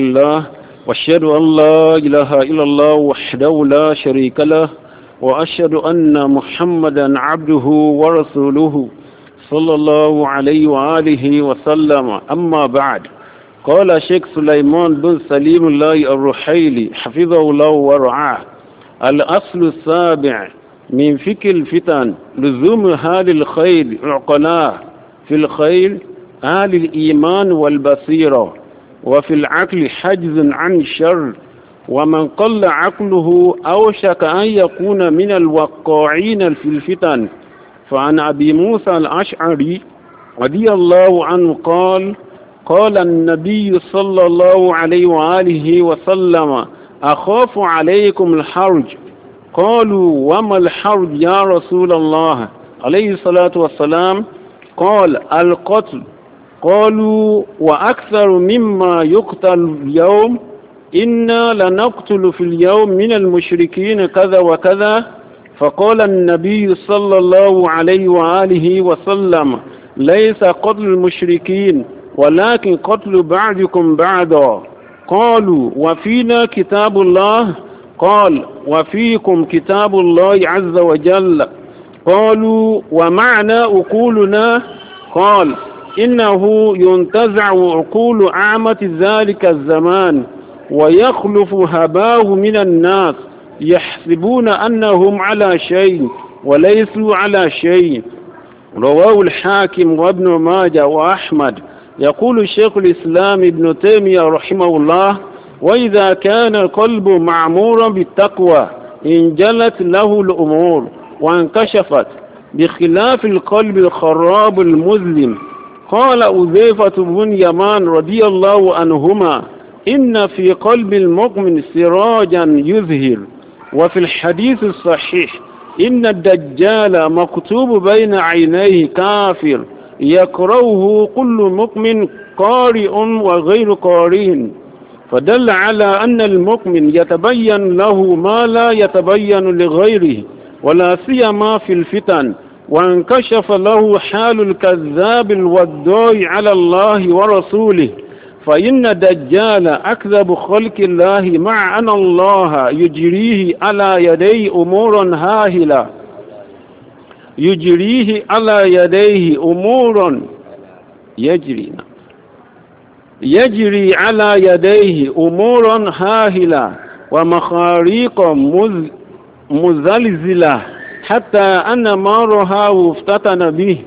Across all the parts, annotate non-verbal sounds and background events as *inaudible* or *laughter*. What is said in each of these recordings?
الله واشهد أن لا إله إلا الله وحده لا شريك له وأشهد أن محمدا عبده ورسوله صلى الله عليه وآله وسلم أما بعد قال شيخ سليمان بن سليم الله الرحيلي حفظه الله ورعاه الأصل السابع من فكر الفتن لزوم هال الخير عقلاه في الخير أهل الإيمان والبصيرة وفي العقل حجز عن الشر ومن قل عقله أوشك أن يكون من الوقاعين في الفتن فعن أبي موسى الأشعري رضي الله عنه قال قال النبي صلى الله عليه وآله وسلم أخاف عليكم الحرج قالوا وما الحرج يا رسول الله عليه الصلاة والسلام قال القتل قالوا وأكثر مما يقتل اليوم إنا لنقتل في اليوم من المشركين كذا وكذا فقال النبي صلى الله عليه وآله وسلم ليس قتل المشركين ولكن قتل بعضكم بعضا قالوا وفينا كتاب الله قال وفيكم كتاب الله عز وجل قالوا ومعنى أقولنا قال إنه ينتزع عقول عامة ذلك الزمان ويخلف هباه من الناس يحسبون أنهم على شيء وليسوا على شيء رواه الحاكم وابن ماجه وأحمد يقول الشيخ الإسلام ابن تيمية رحمه الله وإذا كان القلب معمورا بالتقوى انجلت له الأمور وانكشفت بخلاف القلب الخراب المظلم قال أذيفة بن يمان رضي الله عنهما إن في قلب المؤمن سراجا يظهر وفي الحديث الصحيح إن الدجال مكتوب بين عينيه كافر يكرهه كل مؤمن قارئ وغير قارئ فدل على أن المؤمن يتبين له ما لا يتبين لغيره ولا سيما في الفتن وانكشف له حال الكذاب الودع على الله ورسوله فإن دجال أكذب خلق الله مع أن الله يجريه على يديه أمورا هاهلة يجريه على يديه أمورا يجري يجري على يديه أمورا هاهلة ومخاريق مزلزلة حتى أن مارها وافتتن به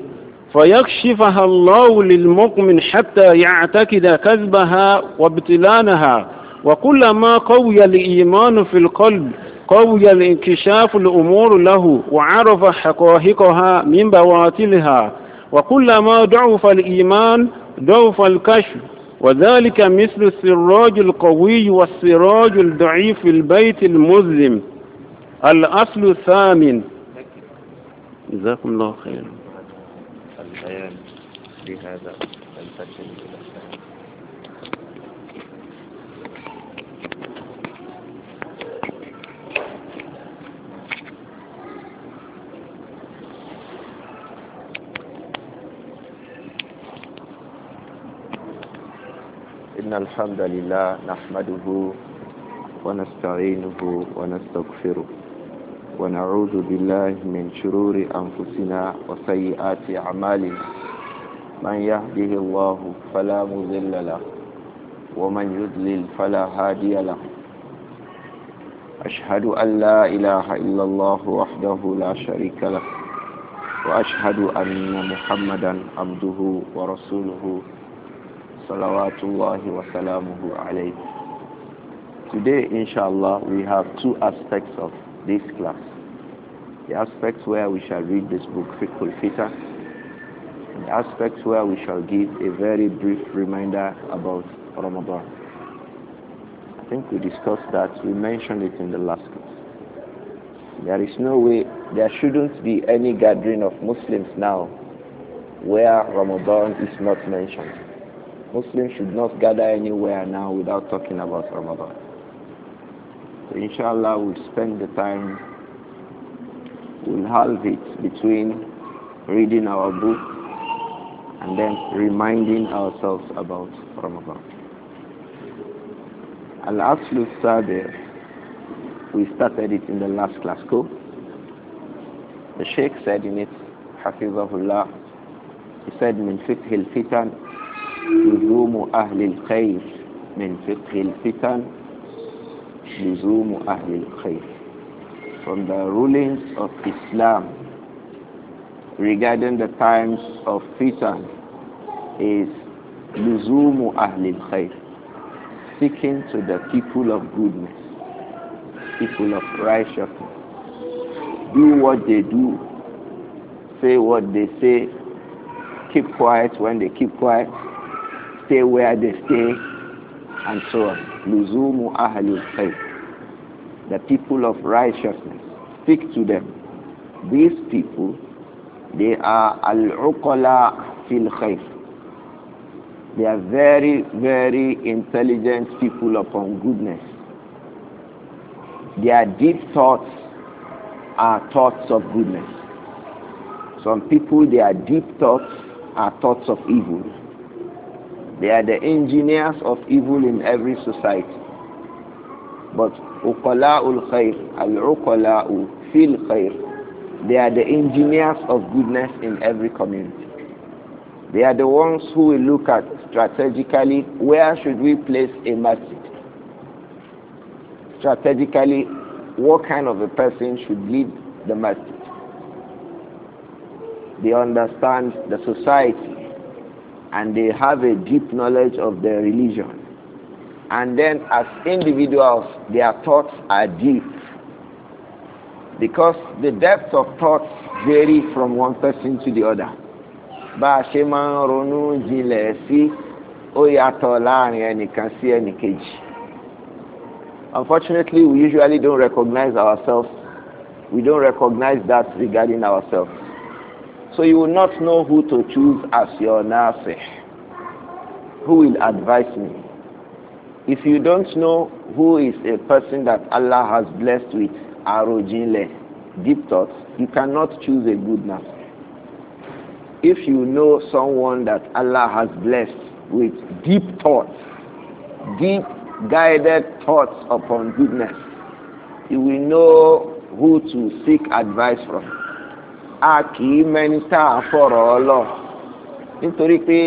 فيكشفها الله للمؤمن حتى يعتقد كذبها وابتلانها وكلما قوي الإيمان في القلب قوي الانكشاف الأمور له وعرف حقائقها من بواطلها وكلما ضعف الإيمان ضعف الكشف وذلك مثل السراج القوي والسراج الضعيف في البيت المظلم الأصل الثامن جزاكم الله خيرا البيان لهذا الفتن إلى السلام إن الحمد لله نحمده ونستعينه ونستغفره ونعوذ بالله من شرور أنفسنا وسيئات أعمالنا من يهده الله فلا مضل له ومن يضلل فلا هادي له أشهد أن لا إله إلا الله وحده لا شريك له وأشهد أن محمدا عبده ورسوله صلوات الله وسلامه عليه Today, inshallah, we have two aspects of this class. The aspects where we shall read this book, Fiqh fita the aspects where we shall give a very brief reminder about Ramadan. I think we discussed that, we mentioned it in the last class. There is no way, there shouldn't be any gathering of Muslims now where Ramadan is not mentioned. Muslims should not gather anywhere now without talking about Ramadan. Inshallah, we'll spend the time, we'll halve it between reading our book and then reminding ourselves about Ramadan. Al-Aslu Sabir, we started it in the last class, go. The Sheikh said in it, Hafizahullah, he said, Min Fithil Fitan, لزوم أهل الخير من لزوم أهل الخير from the rulings of Islam regarding the times of fitan is luzumu ahlil khair seeking to the people of goodness people of righteousness do what they do say what they say keep quiet when they keep quiet stay where they stay and so on luzumu ahlil khair the people of righteousness. Speak to them. These people, they are al-uqala fil khayf. They are very, very intelligent people upon goodness. Their deep thoughts are thoughts of goodness. Some people, their deep thoughts are thoughts of evil. They are the engineers of evil in every society. But Uqala'ul khair, al-uqala'u fil khair. They are the engineers of goodness in every community. They are the ones who will look at strategically where should we place a masjid. Strategically, what kind of a person should lead the masjid. They understand the society and they have a deep knowledge of their religion and then as individuals their thoughts are deep because the depth of thoughts vary from one person to the other bá a ṣe máa ń ronú jinlẹ̀ sí ó yàtọ̀ láàrin ẹnìkan sí ẹnìkejì unfortunately we usually don't recognize ourselves we don't recognize that regarding ourselves so you will not know who to choose as your nurse who will advise me If you don't know who is a person that Allah has blessed with arojinle, deep thoughts, you cannot choose a good nafs. If you know someone that Allah has blessed with deep thoughts, deep guided thoughts upon goodness, you will know who to seek advice from. A kì í mẹ́ni tá a fọ̀rọ̀ ọ nítorí pé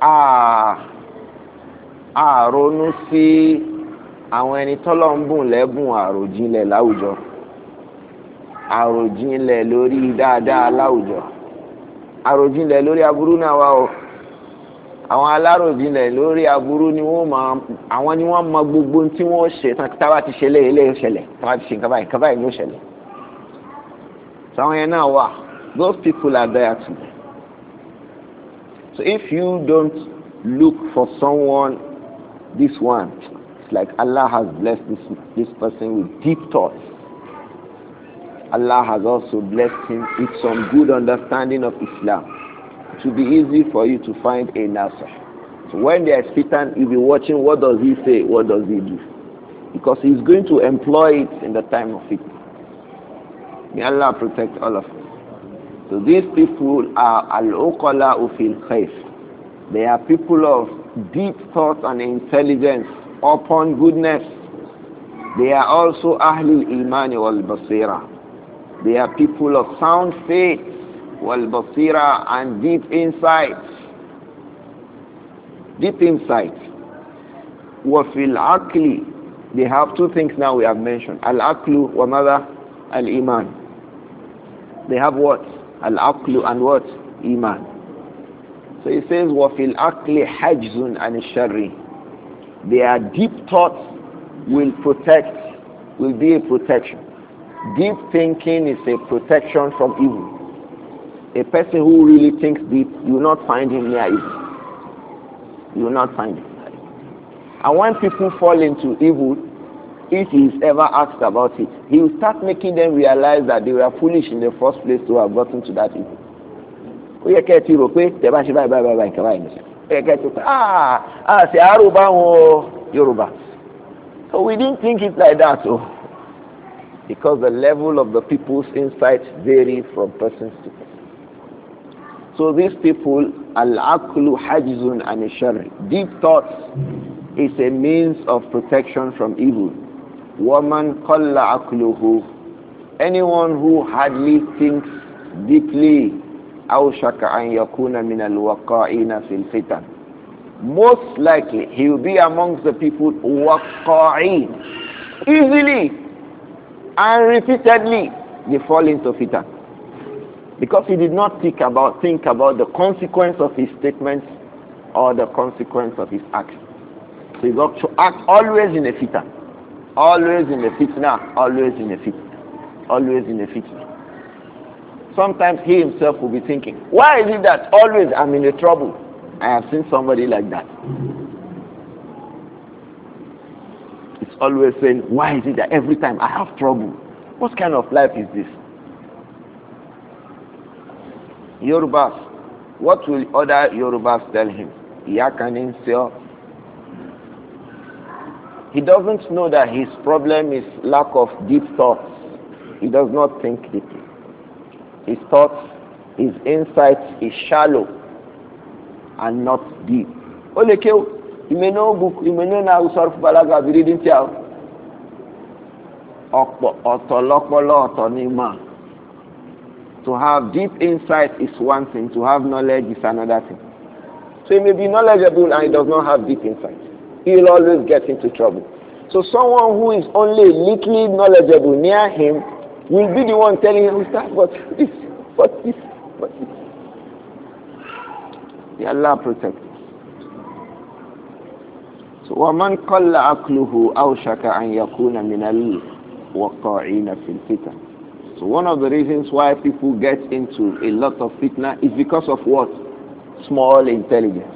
a àrònú sí àwọn ẹni tọ́lọ̀ ń bùn lẹ́bùn àròjinlẹ̀ láwùjọ àròjinlẹ̀ lórí dáadáa láwùjọ àròjinlẹ̀ lórí aburú náà wà o àwọn aláròjinlẹ̀ lórí aburú ni wọ́n máa àwọn ni wọ́n mọ gbogbo tí wọ́n ṣe tábà ti ṣe léyìn léyìn ṣẹlẹ̀ tábà ti ṣe nǹkan báyìí nǹkan báyìí ló ṣẹlẹ̀ sàwọn yẹn náà wà those people are there too so if you don't look for someone This one, it's like Allah has blessed this, this person with deep thoughts. Allah has also blessed him with some good understanding of Islam. It will be easy for you to find a nasa. So when are sitting you'll be watching what does he say, what does he do. Because he's going to employ it in the time of it. May Allah protect all of us. So these people are al ukala ufil khayf. They are people of deep thought and intelligence upon goodness. They are also Ahlul Iman wal Basira. They are people of sound faith, wal Basira, and deep insight. Deep insight. Wafil Akli. They have two things now we have mentioned. Al Aklu wa Mada Al Iman. They have what? Al Aklu and what? Iman. So he says, وَفِي الْعَقْلِ حَجْزٌ عَنِ الشَّرِّ Their deep thoughts will protect, will be a protection. Deep thinking is a protection from evil. A person who really thinks deep, you will not find him near evil. You will not find him. And when people fall into evil, if he is ever asked about it, he will start making them realize that they were foolish in the first place to have gotten to that evil ó yẹ kẹ́ ẹ ti rò pé tẹ̀ bá ṣe báyìí báyìí báyìí nǹkan báyìí nìṣẹ́ ó yẹ kẹ́ ẹ ti pé ah ah ṣe àárò bá wọn o Yorùbá so we didn't think it like that o oh. because the level of the people's insight vary from person to person. So these people, al-aklu hajizun anishari. deep thoughts is a means of protection from evil. Woman qalla akluhu, anyone who hardly thinks deeply, أوشك most likely he will be amongst the people waqa'in easily and repeatedly they fall into fitan because he did not think about think about the consequence of his statements or the consequence of his actions so he got to act always in a fitan always in a fitna always in a fitna always in a fitna sometimes he himself will be thinking, why is it that always I'm in a trouble? I have seen somebody like that. It's always saying, why is it that every time I have trouble? What kind of life is this? Yorubas, what will other Yorubas tell him? He doesn't know that his problem is lack of deep thoughts. He does not think deeply his thoughts, his insights is shallow and not deep. Olekeo, you may know book, you may know now Usarf Balaga be reading to To have deep insight is one thing, to have knowledge is another thing. So he may be knowledgeable and he does not have deep insight. He will always get into trouble. So someone who is only little knowledgeable near him you will be the one telling him, Ustaz, what this, what this, what this. May Allah protect us. So, وَمَنْ قَلَّ عَقْلُهُ أَوْشَكَ أَنْ يَكُونَ مِنَ الْوَقَاعِينَ فِي الْفِتَنِ So one of the reasons why people get into a lot of fitna is because of what? Small intelligence.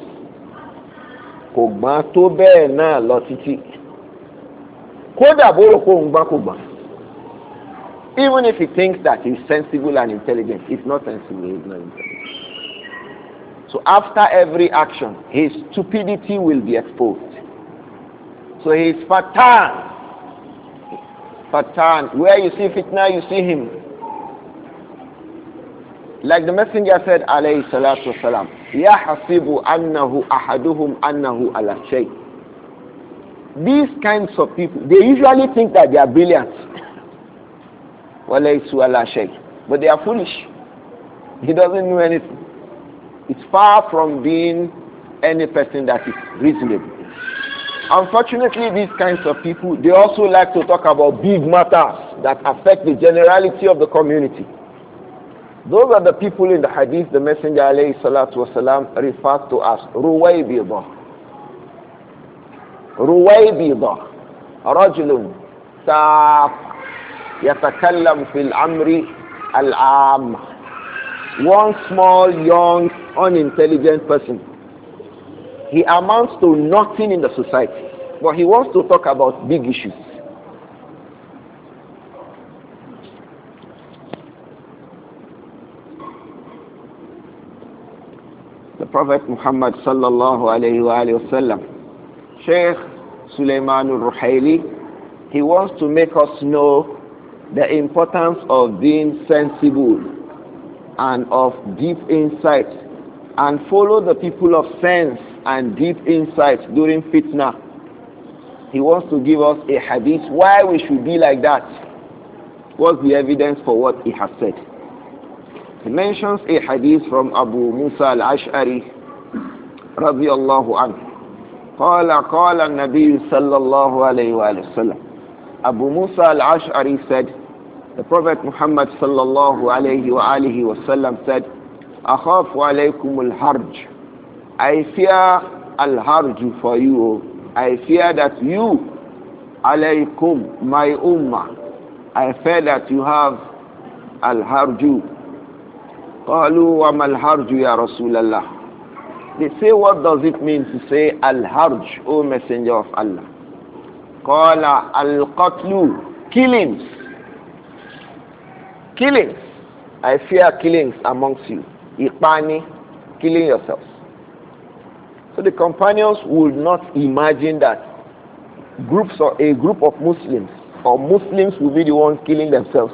Kò gbọ́n tó bẹ́ẹ̀ náà lọ títí. Kódà bó kò even if he thinks that he's sensible and intelligent, he's not sensible, he's not intelligent. So after every action, his stupidity will be exposed. So he's is fatan. Fatan. Where you see fitna, you see him. Like the messenger said, alayhi salatu wasalam, hasibu أَنَّهُ ahaduhum أَنَّهُ ala shay. These kinds of people, they usually think that they are brilliant. But they are foolish. He doesn't know anything. It's far from being any person that is reasonable. Unfortunately, these kinds of people, they also like to talk about big matters that affect the generality of the community. Those are the people in the hadith the Messenger والسلام, referred to as Ruwaybida. Ruwaybida. rajulun ساق يتكلم في الأمر العام one small young unintelligent person he amounts to nothing in the society but he wants to talk about big issues the prophet muhammad sallallahu alaihi wasallam sheikh sulaiman al-ruhaili he wants to make us know the importance of being sensible and of deep insight and follow the people of sense and deep insight during fitna. He wants to give us a hadith why we should be like that. What's the evidence for what he has said? He mentions a hadith from Abu Musa al-Ash'ari رضي الله عنه قال قال النبي صلى الله عليه وآله وسلم Abu Musa al-Ash'ari said, the Prophet Muhammad sallallahu alayhi wa alihi wasallam said, أخاف عليكم الحرج I fear al-harj for you. I fear that you alaykum, my ummah. I fear that you have al harj قالوا وما الحرج يا رسول الله They say what does it mean to say al-harj, O Messenger of Allah? Qala al-qatlu, killings. Killings. I fear killings amongst you. Iqani, killing yourselves. So the companions would not imagine that groups or a group of Muslims or Muslims will be the ones killing themselves.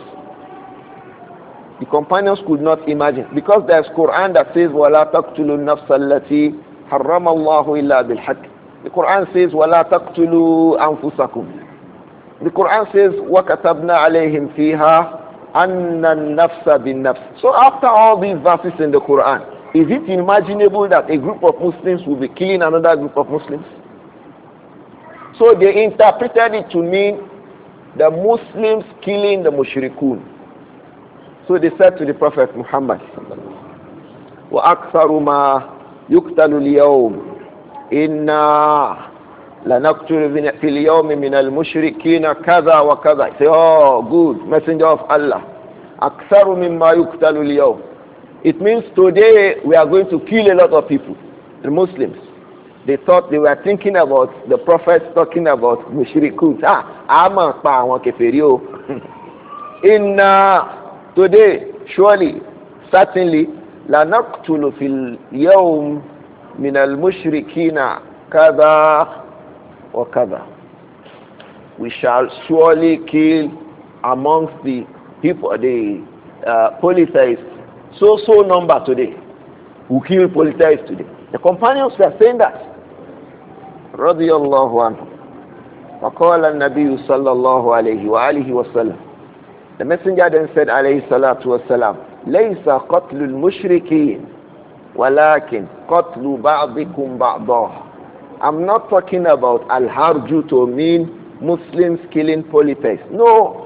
The companions could not imagine because there's Quran that says وَلَا تَقْتُلُوا lati الَّتِي حَرَّمَ illa bil بِالْحَقِّ the Quran says, وَلَا تَقْتُلُوا أَنفُسَكُمْ The Quran says, وَكَتَبْنَا عَلَيْهِمْ فِيهَا أَنَّ النَّفْسَ بِالنَّفْسِ So after all these verses in the Quran, is it imaginable that a group of Muslims will be killing another group of Muslims? So they interpreted it to mean the Muslims killing the mushrikun. So they said to the Prophet Muhammad, وَأَكْثَرُ مَا يُقْتَلُ الْيَوْمِ inna لنقتل في اليوم من المشركين كذا وكذا say oh good messenger of Allah أكثر مما يقتل اليوم it means today we are going to kill a lot of people the Muslims they thought they were thinking about the prophet talking about mushrikun ah ama pa àwọn kèfèrí o *laughs* in today surely certainly لنقتل في اليوم Min من kada wa kada we shall surely kill amongst the people the uh, polytheists so so number today who kill polytheists today the companions were saying that رضي الله عنهم فقال النبي صلى الله عليه وآله وسلم the messenger then said عليه الصلاة والسلام ليس قتل المشركين ولكن قتل بعضكم بعضا I'm not talking about al-harju to mean Muslims killing polytheists. No.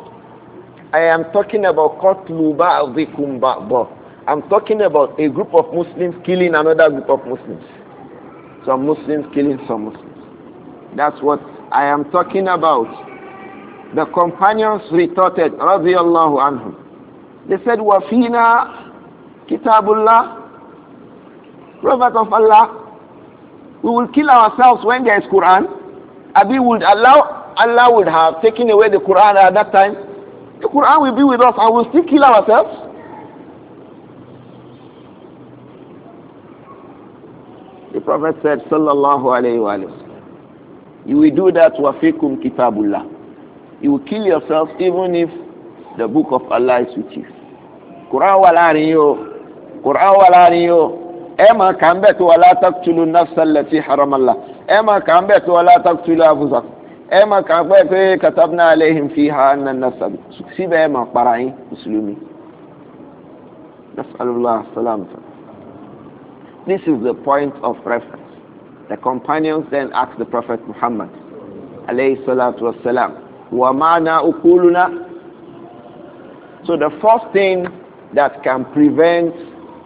I am talking about qatlu ba'dikum ba'da. I'm talking about a group of Muslims killing another group of Muslims. Some Muslims killing some Muslims. That's what I am talking about. The companions retorted, اللَّهُ anhum. They said, وَفِينَا كِتَابُ اللَّهِ Prophet of Allah, we will kill ourselves when there is Quran. Abi would allow, Allah would have taken away the Quran at that time. The Quran will be with us and we'll still kill ourselves. The Prophet said, Sallallahu Alaihi Wasallam, you will do that wafikum kitabullah. You will kill yourself even if the book of Allah is with you. Quran walarin Quran walarin ema máa kà ń bẹ̀ tó wàlá taqtulu nafsa allati harama Allah ẹ máa kà ń bẹ̀ tó wàlá taqtulu anfusakum ẹ máa kà ń bẹ̀ pé katabna alayhim fiha anna nafsa síbẹ̀ ẹ máa para yín mùsùlùmí. This is the point of reference. The companions then asked the Prophet Muhammad alayhi salatu wassalam wa ma'na ukuluna. So the first thing that can prevent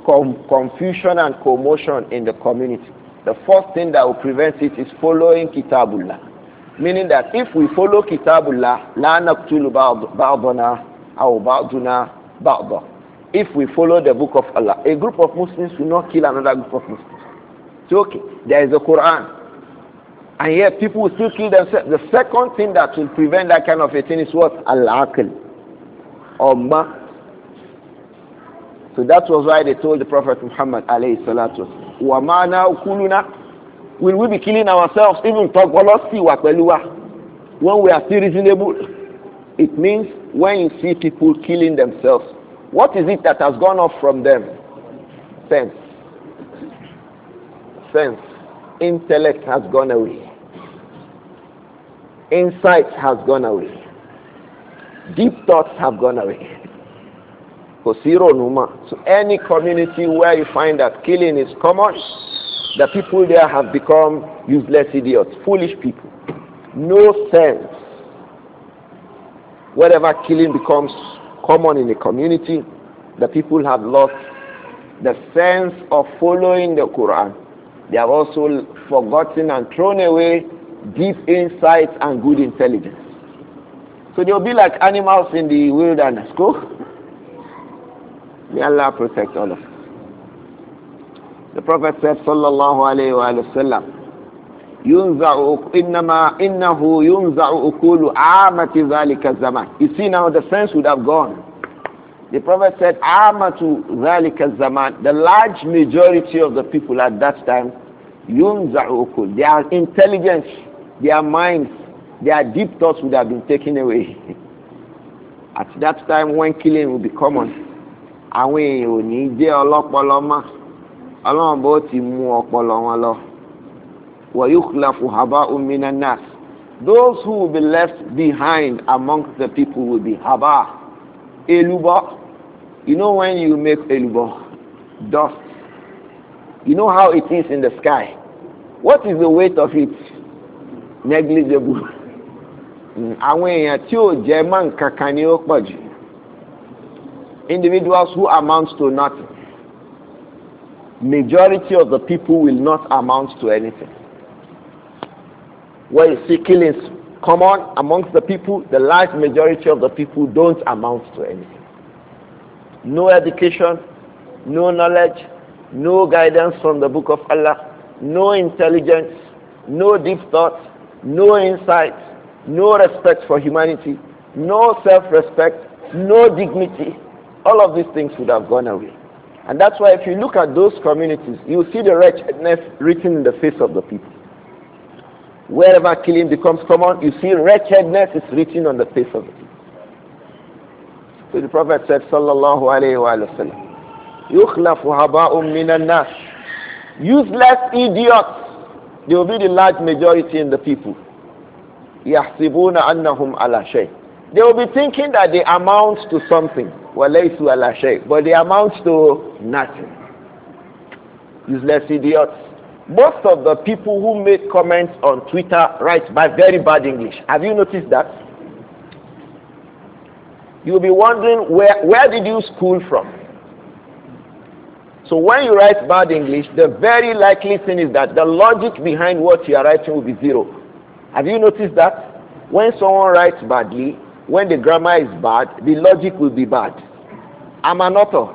com confusion and commotion in the community. The first thing that will prevent it is following Kitabullah. Meaning that if we follow Kitabullah, la naqtulu ba'dana aw ba'duna ba'da. If we follow the book of Allah, a group of Muslims will not kill another group of Muslims. So okay. There is a Quran. And yet people will still kill themselves. The second thing that will prevent that kind of a thing is what? Al-Aql. Ummah so that was why they told the Prophet Muhammad alayhi salatu وَمَعْنَا ukuluna? Will we be killing ourselves even when we are still reasonable? It means when you see people killing themselves, what is it that has gone off from them? Sense. Sense. Intellect has gone away. Insight has gone away. Deep thoughts have gone away Kosiro Numa. So any community where you find that killing is common, the people there have become useless idiots, foolish people. No sense. Whatever killing becomes common in a community, the people have lost the sense of following the Quran. They have also forgotten and thrown away deep insights and good intelligence. So they'll be like animals in the wilderness. Go. May Allah protect all of us. The Prophet said, Sallallahu Alaihi Wasallam, ينزع إنما إنه ينزع You see now the sense would have gone. The Prophet said, Amatu ذلك الزمان. The large majority of the people at that time, yunza'ukul. Their intelligence, their minds, their deep thoughts would have been taken away. *laughs* At that time when killing would be common, àwọn èèyàn ò ní jẹ́ ọlọ́pọlọ mọ́ ọlọ́run bó ti mú ọpọlọ wọn lọ those who will be left behind amongst the people will be haba elubo you know when you make elubo dust you know how it is in the sky what is the weight of it negligible *laughs* hmm, àwọn èèyàn tí ò jẹ́ mọ́ nǹkan kan ni ó pọ̀ jù individuals who amount to nothing. Majority of the people will not amount to anything. Where you see killings common amongst the people, the large majority of the people don't amount to anything. No education, no knowledge, no guidance from the book of Allah, no intelligence, no deep thought, no insight, no respect for humanity, no self-respect, no dignity, all of these things would have gone away. And that's why if you look at those communities, you see the wretchedness written in the face of the people. Wherever killing becomes common, you see wretchedness is written on the face of the people. So the Prophet said, Sallallahu Alaihi Wasallam, يُخْلَفُ هَبَاءٌ مِّنَ Useless idiots. They will be the large majority in the people. يَحْسِبُونَ أَنَّهُمْ عَلَى شَيْءٍ they will be thinking that they amount to something, but they amount to nothing. Useless idiots. Most of the people who make comments on Twitter write by very bad English. Have you noticed that? You'll be wondering where, where did you school from? So when you write bad English, the very likely thing is that the logic behind what you are writing will be zero. Have you noticed that? When someone writes badly, when the grammar is bad, the logic will be bad. I'm an author.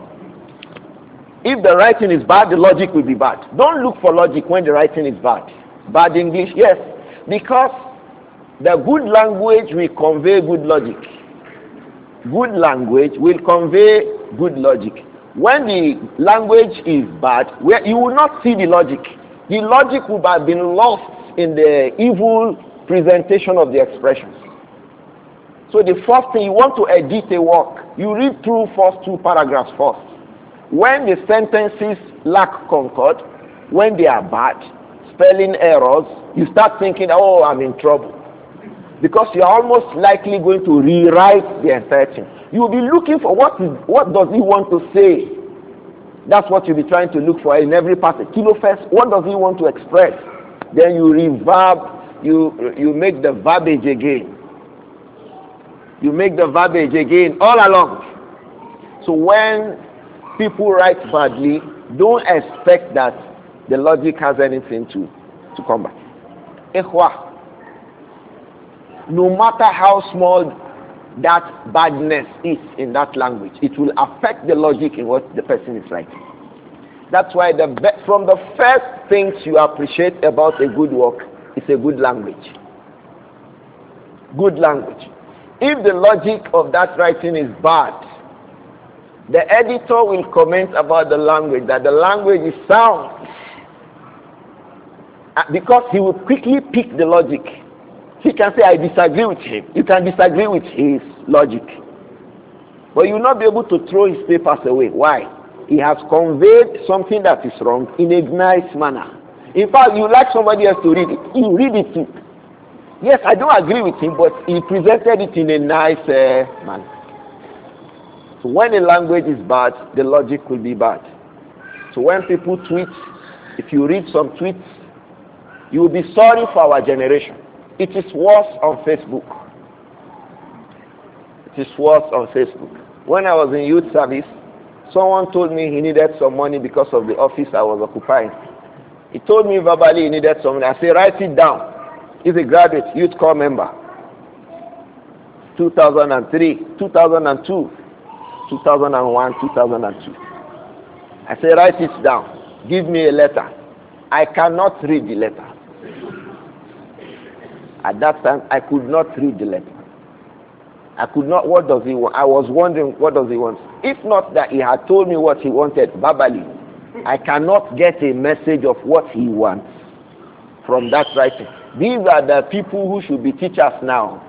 If the writing is bad, the logic will be bad. Don't look for logic when the writing is bad. Bad English, yes, because the good language will convey good logic. Good language will convey good logic. When the language is bad, you will not see the logic. The logic would have been lost in the evil presentation of the expressions. So the first thing you want to edit a work, you read through first two paragraphs first. When the sentences lack concord, when they are bad, spelling errors, you start thinking, oh, I'm in trouble. Because you're almost likely going to rewrite the entire thing. You'll be looking for what, is, what does he want to say. That's what you'll be trying to look for in every passage. Kilo first, what does he want to express? Then you reverb, you, you make the verbiage again you make the verbiage again all along. So when people write badly, don't expect that the logic has anything to, to come back. No matter how small that badness is in that language, it will affect the logic in what the person is writing. That's why the from the first things you appreciate about a good work is a good language. Good language. If the logic of that writing is bad, the editor will comment about the language, that the language is sound. Uh, because he will quickly pick the logic. He can say, I disagree with him. You can disagree with his logic. But you will not be able to throw his papers away. Why? He has conveyed something that is wrong in a nice manner. In fact, you like somebody else to read it. You read it too. Yes, I don't agree with him, but he presented it in a nice uh, manner. So when a language is bad, the logic will be bad. So when people tweet, if you read some tweets, you will be sorry for our generation. It is worse on Facebook. It is worse on Facebook. When I was in youth service, someone told me he needed some money because of the office I was occupying. He told me verbally he needed some money. I said, write it down. He's a graduate, youth corps member. 2003, 2002, 2001, 2002. I say, write it down. Give me a letter. I cannot read the letter. At that time, I could not read the letter. I could not, what does he want? I was wondering, what does he want? If not that he had told me what he wanted verbally, I cannot get a message of what he wants from that writing. These are the people who should be teachers now.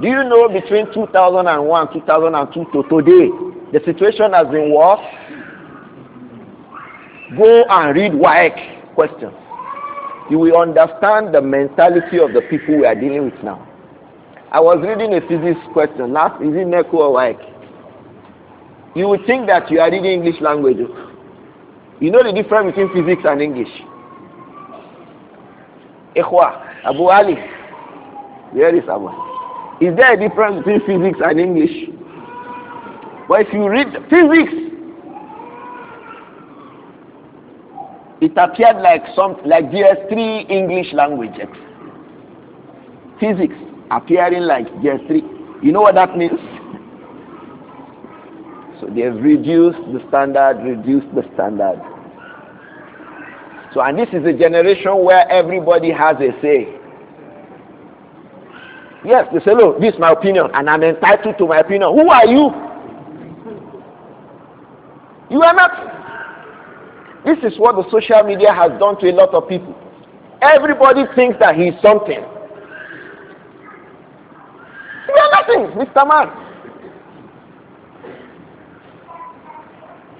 Do you know between 2001, 2002 to today, the situation has been worse? Go and read WAEC questions. You will understand the mentality of the people we are dealing with now. I was reading a physics question last, is it NECO or WAEC? You would think that you are reading English language. You know the difference between physics and English. Ikhwa, Abu Ali. Where is Abu Is there a difference between physics and English? But if you read physics, it appeared like some like GS3 English language. Physics appearing like GS3. You know what that means? So they have reduced the standard, reduced the standard. So, and this is a generation where everybody has a say. Yes, they say, look, this is my opinion, and I'm entitled to my opinion. Who are you? You are not. This is what the social media has done to a lot of people. Everybody thinks that he's something. You are nothing, Mr. Man.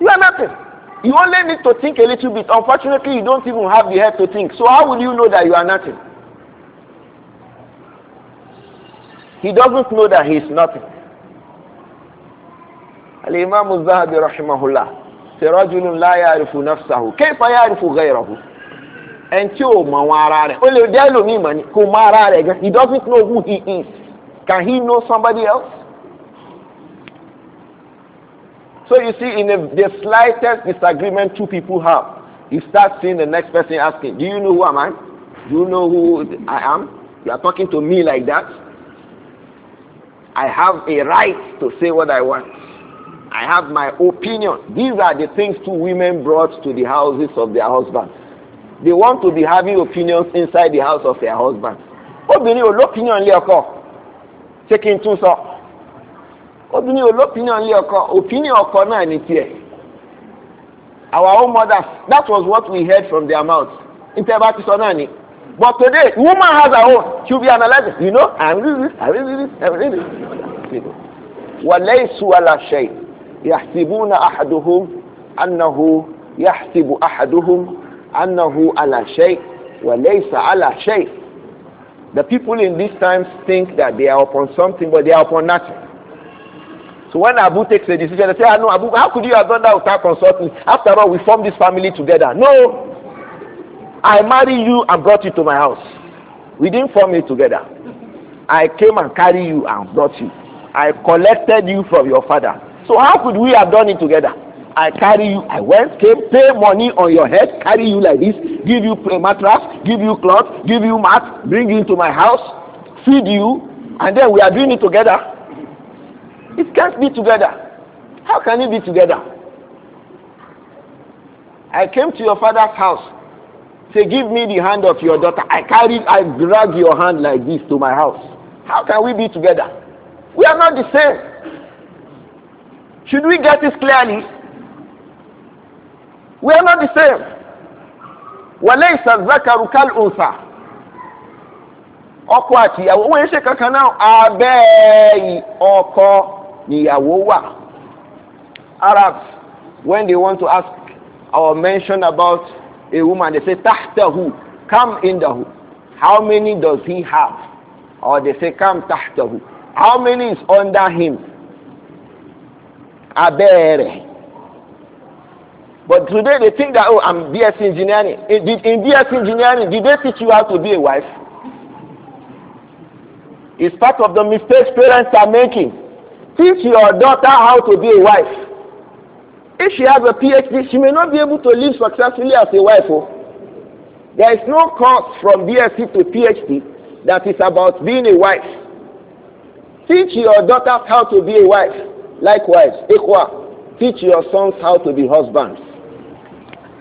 You are nothing. You only need to think a little bit. Unfortunately, you don't even have the head to think. So how will you know that you are nothing? He doesn't know that he is nothing. الإمام الذهبي رحمه الله في رجل لا يعرف نفسه كيف يعرف غيره ẹn tí ò mọ̀ wọn ara rẹ̀ ó lè he doesn't know who he is can he know somebody else so you see, in a, the slightest disagreement two people have, you start seeing the next person asking, do you know who am I? Do you know who I am? You are talking to me like that. I have a right to say what I want. I have my opinion. These are the things two women brought to the houses of their husbands. They want to be having opinions inside the house of their husbands. Obìnrin ò lé ọkọ. Ṣé kí n obìnrin olópinion lé ọkọ opinion ọkọ náà ní tiẹ̀ our own mothers that was what we heard from their mouth ntẹ bá ti sọ náà ni but today woman has her own she be analysing you know i really, really i'm really i'm really wàlẹ́yìí suwala ṣe yàtìbúna àhàdùhùn anahu yàtìbù àhàdùhùn anahu alashay walaysa alashay the people in these times think that they are upon something but they are upon nothing so when Abu takes a decision, they say, ah, no, Abu, how could you have done that without consulting? After all, we formed this family together. No. I married you and brought you to my house. We didn't form it together. I came and carried you and brought you. I collected you from your father. So how could we have done it together? I carry you, I went, came, pay money on your head, carry you like this, give you a mattress, give you cloth, give you mat, bring you into my house, feed you, and then we are doing it together. It can't be together. How can it be together? I came to your father's house. Say, give me the hand of your daughter. I carry, I drag your hand like this to my house. How can we be together? We are not the same. Should we get this clearly? We are not the same. وَلَيْسَ الذَّكَرُ كَالْأُنْثَى níyàwó wà arabs when they want to ask or mention about a woman they say tahtahu come the indahu how many does he have or they say Come tahtahu how many is under him abẹ́rẹ́ but today they think that oh i'm bs engineering in bs engineering did they teach you how to be a wife it's part of the mistakes parents are making Teach your daughter how to be a wife. If she has a PhD, she may not be able to live successfully as a wife. Oh. There is no course from BSc to PhD that is about being a wife. Teach your daughters how to be a wife. Likewise, Ikhwa, teach your sons how to be husbands.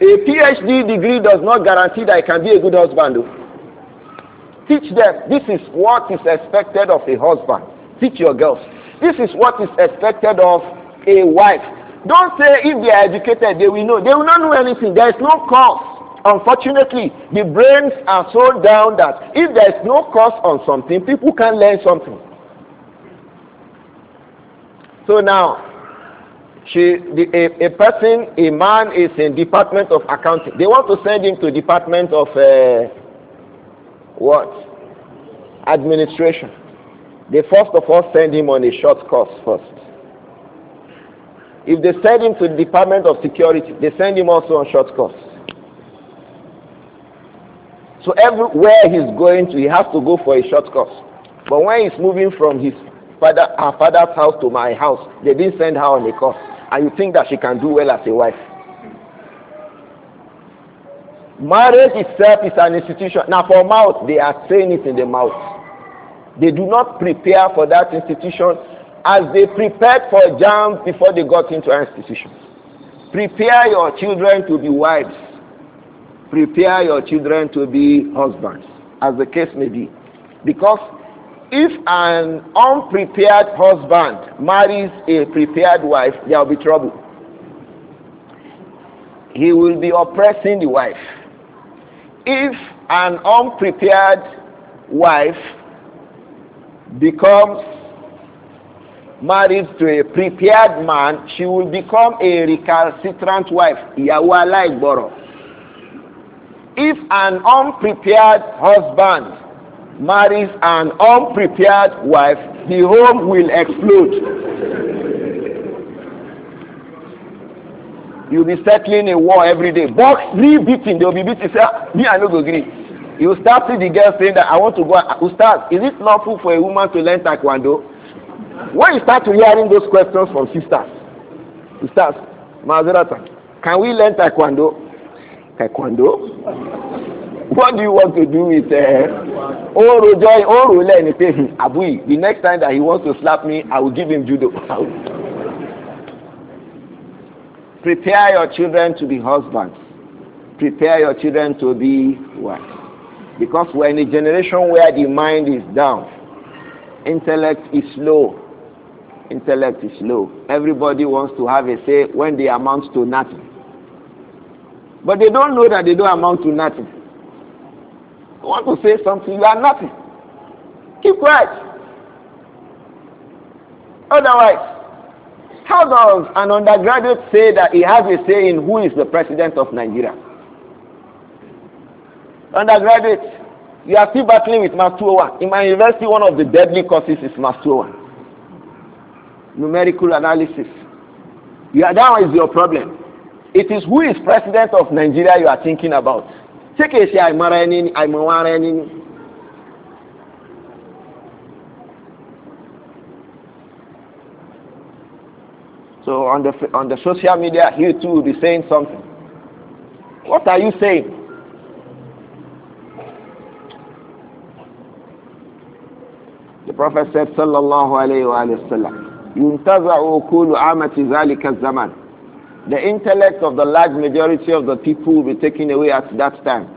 A PhD degree does not guarantee that I can be a good husband. Oh, Teach them. This is what is expected of a husband. Teach your girls. This is what is expected of a wife. Don't say if they are educated, they will know. They will not know anything. There is no cause. Unfortunately, the brains are so down that if there is no cause on something, people can learn something. So now, she, the, a, a, person, a man is in Department of Accounting. They want to send him to Department of uh, what? Administration they first of all send him on a short course first. If they send him to the Department of Security, they send him also on short course. So everywhere he's going to, he has to go for a short course. But when he's moving from his father, her father's house to my house, they didn't send her on a course. And you think that she can do well as a wife. Marriage itself is an institution. Now for mouth, they are saying it in the mouth. They do not prepare for that institution as they prepared for jams before they got into our institution. Prepare your children to be wives. Prepare your children to be husbands, as the case may be. Because if an unprepared husband marries a prepared wife, there will be trouble. He will be oppressing the wife. If an unprepared wife becomes married to a prepared man, she will become a recalcitrant wife, If an unprepared husband marries an unprepared wife, the home will explode. You'll be settling a war every day. Box, three beating, they'll be beating. Say, ah, me, I no go you start see the girl saying that I want to go. start. is it lawful for a woman to learn taekwondo? When you start hearing those questions from sisters, Sisters, Maseratan, can we learn taekwondo? Taekwondo? what do you want to do with uh, eh? Oro Joy, Oro anything? Hmm, Abu, the next time that he wants to slap me, I will give him judo. *laughs* Prepare your children to be husbands. Prepare your children to be what? Because we're in a generation where the mind is down. Intellect is low. Intellect is low. Everybody wants to have a say when they amount to nothing. But they don't know that they don't amount to nothing. You want to say something, you are nothing. Keep quiet. Otherwise, how does an undergraduate say that he has a say in who is the president of Nigeria? Undergraduate, you are still battling with Math 201. In my university, one of the deadly causes is Math 201. Numerical analysis. Yeah, that one is your problem. It is who is president of Nigeria you are thinking about. Take a share, am I'm So on the on the social media, he too will be saying something. What are you saying? The Prophet said, sallallahu alayhi wasallam, yuntaza يُنْتَزَعُ amati عَامَةِ ذَلِكَ The intellect of the large majority of the people will be taken away at that time.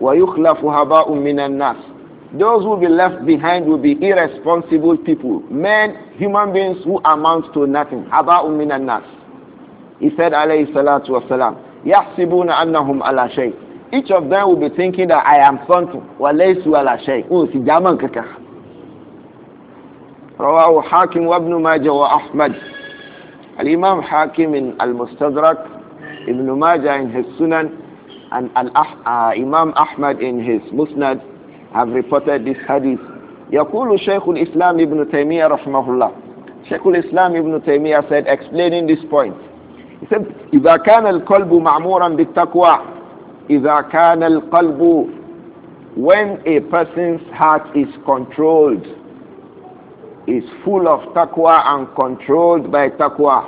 وَيُخْلَفُ هَبَاءٌ مِّنَ النَّاسِ Those who will be left behind will be irresponsible people, men, human beings who amount to nothing. هَبَاءٌ مِّنَ النَّاسِ He said, alayhi salatu wasalam, يَحْسِبُونَ أَنَّهُمْ عَلَى شَيْءٍ Each of them will be thinking that I am something. وَلَيْسُ عَلَى شَيْءٍ رواه حاكم وابن ماجه وأحمد الإمام حاكم in المستدرك ابن ماجه in his Sunan and uh, Imam Ahmad in his Musnad have reported this hadith يقول شيخ الإسلام ابن تيمية رحمه الله شيخ الإسلام ابن تيمية said explaining this point he said إذا كان القلب معمورا بالتقوى إذا كان القلب when a person's heart is controlled is full of taqwa and controlled by taqwa.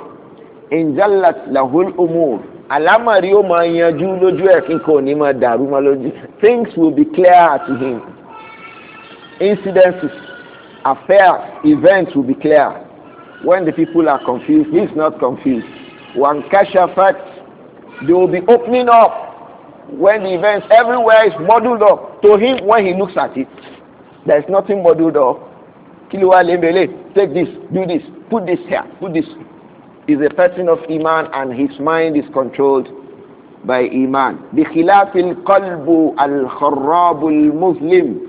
In jallat lahul umur. Things will be clear to him. Incidences, affairs, events will be clear. When the people are confused, he is not confused. One kashafat, they will be opening up. When the events everywhere is modeled up, to him when he looks at it, there is nothing muddled up take this, do this, put this here, put this. Is a person of Iman and his mind is controlled by Iman. بخلاف القلب الخراب المظلم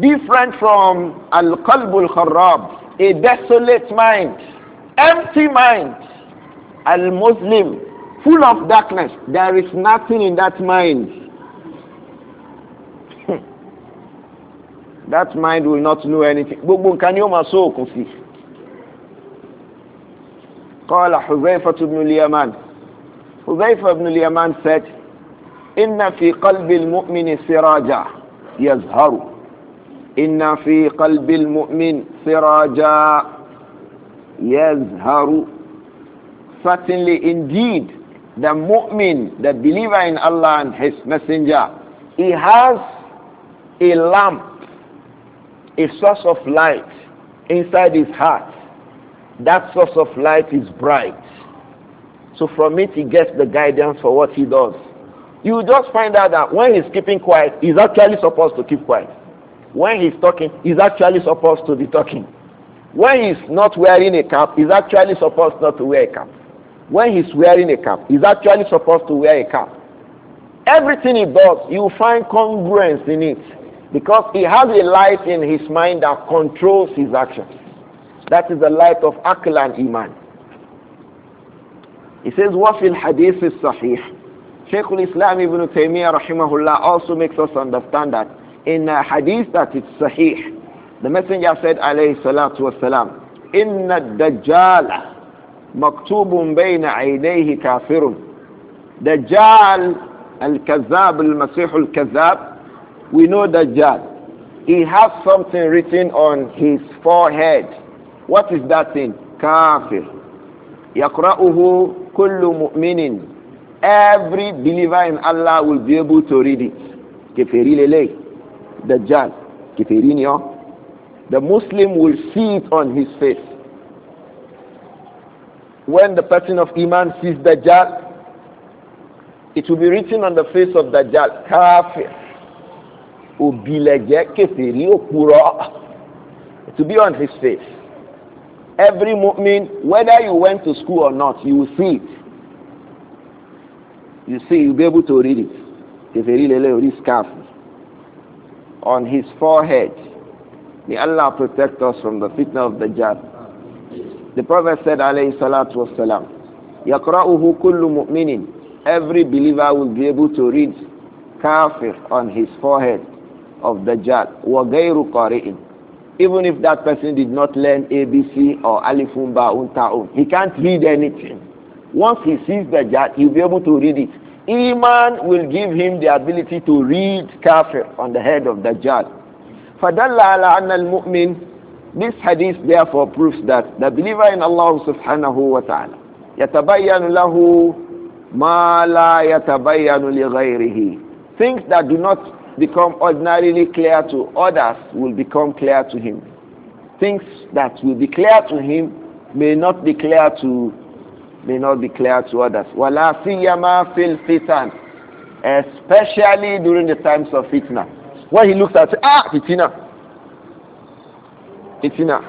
Different from al-qalb al Kharab, a desolate mind, empty mind, al-Muslim, full of darkness. There is nothing in that mind. that mind will not know anything gbogbo máa sí قال حذيفة بن اليمان حذيفة بن اليمان said إن في قلب المؤمن سراجا يزهر إن في قلب المؤمن سراجا يزهر certainly indeed the mu'min the believer in Allah and his messenger he has a lamp a source of light inside his heart. That source of light is bright. So from it he gets the guidance for what he does. You just find out that when he's keeping quiet, he's actually supposed to keep quiet. When he's talking, he's actually supposed to be talking. When he's not wearing a cap, he's actually supposed not to wear a cap. When he's wearing a cap, he's actually supposed to wear a cap. Everything he does, you find congruence in it. Because he has a light in his mind that controls his actions. That is the light of Aql and Iman. He says, "What Hadith is Sahih? Shaykh al-Islam ibn Taymiyyah rahimahullah also makes us understand that in a hadith that it's sahih, the messenger said alayhi salatu wasalam, Inna dajjal maktubun بَيْنَ عَيْنَيْهِ kafirun. Dajjal al-Kazab al-Masih al-Kazab we know that Dajjal. He has something written on his forehead. What is that thing? Kafir. Yakra'uhu kullu mu'minin. Every believer in Allah will be able to read it. Keferi lele. Dajjal. Keferi niyo. The Muslim will see it on his face. When the person of Iman sees Dajjal, it will be written on the face of Dajjal. Kafir òbílẹ̀jẹ́ kèfèrí òpùrọ̀ to be on his face every moment whether you went to school or not you will see it you see you be able to read it kèfèrí lele orí scarf on his forehead may Allah protect us from the fitna of the jab the prophet said alayhi salatu wasalam yaqra'uhu kullu mu'minin every believer will be able to read kafir on his forehead of Dajjal, وَغَيْرُ قَارِئٍ Even if that person did not learn ABC or Alifun Ba'un Ta'un, he can't read anything. Once he sees Dajjal, he'll be able to read it. Iman will give him the ability to read Kafir on the head of Dajjal. ala anna al mu'min. this hadith therefore proves that the believer in Allah subhanahu wa ta'ala يَتَبَيَّنُ ma la yatabayyanu li لِغَيْرِهِ Things that do not become ordinarily clear to others will become clear to him. Things that will be clear to him may not be clear to may not be clear to others. Wala fil fitan, especially during the times of fitna. When he looks at ah fitna, fitina.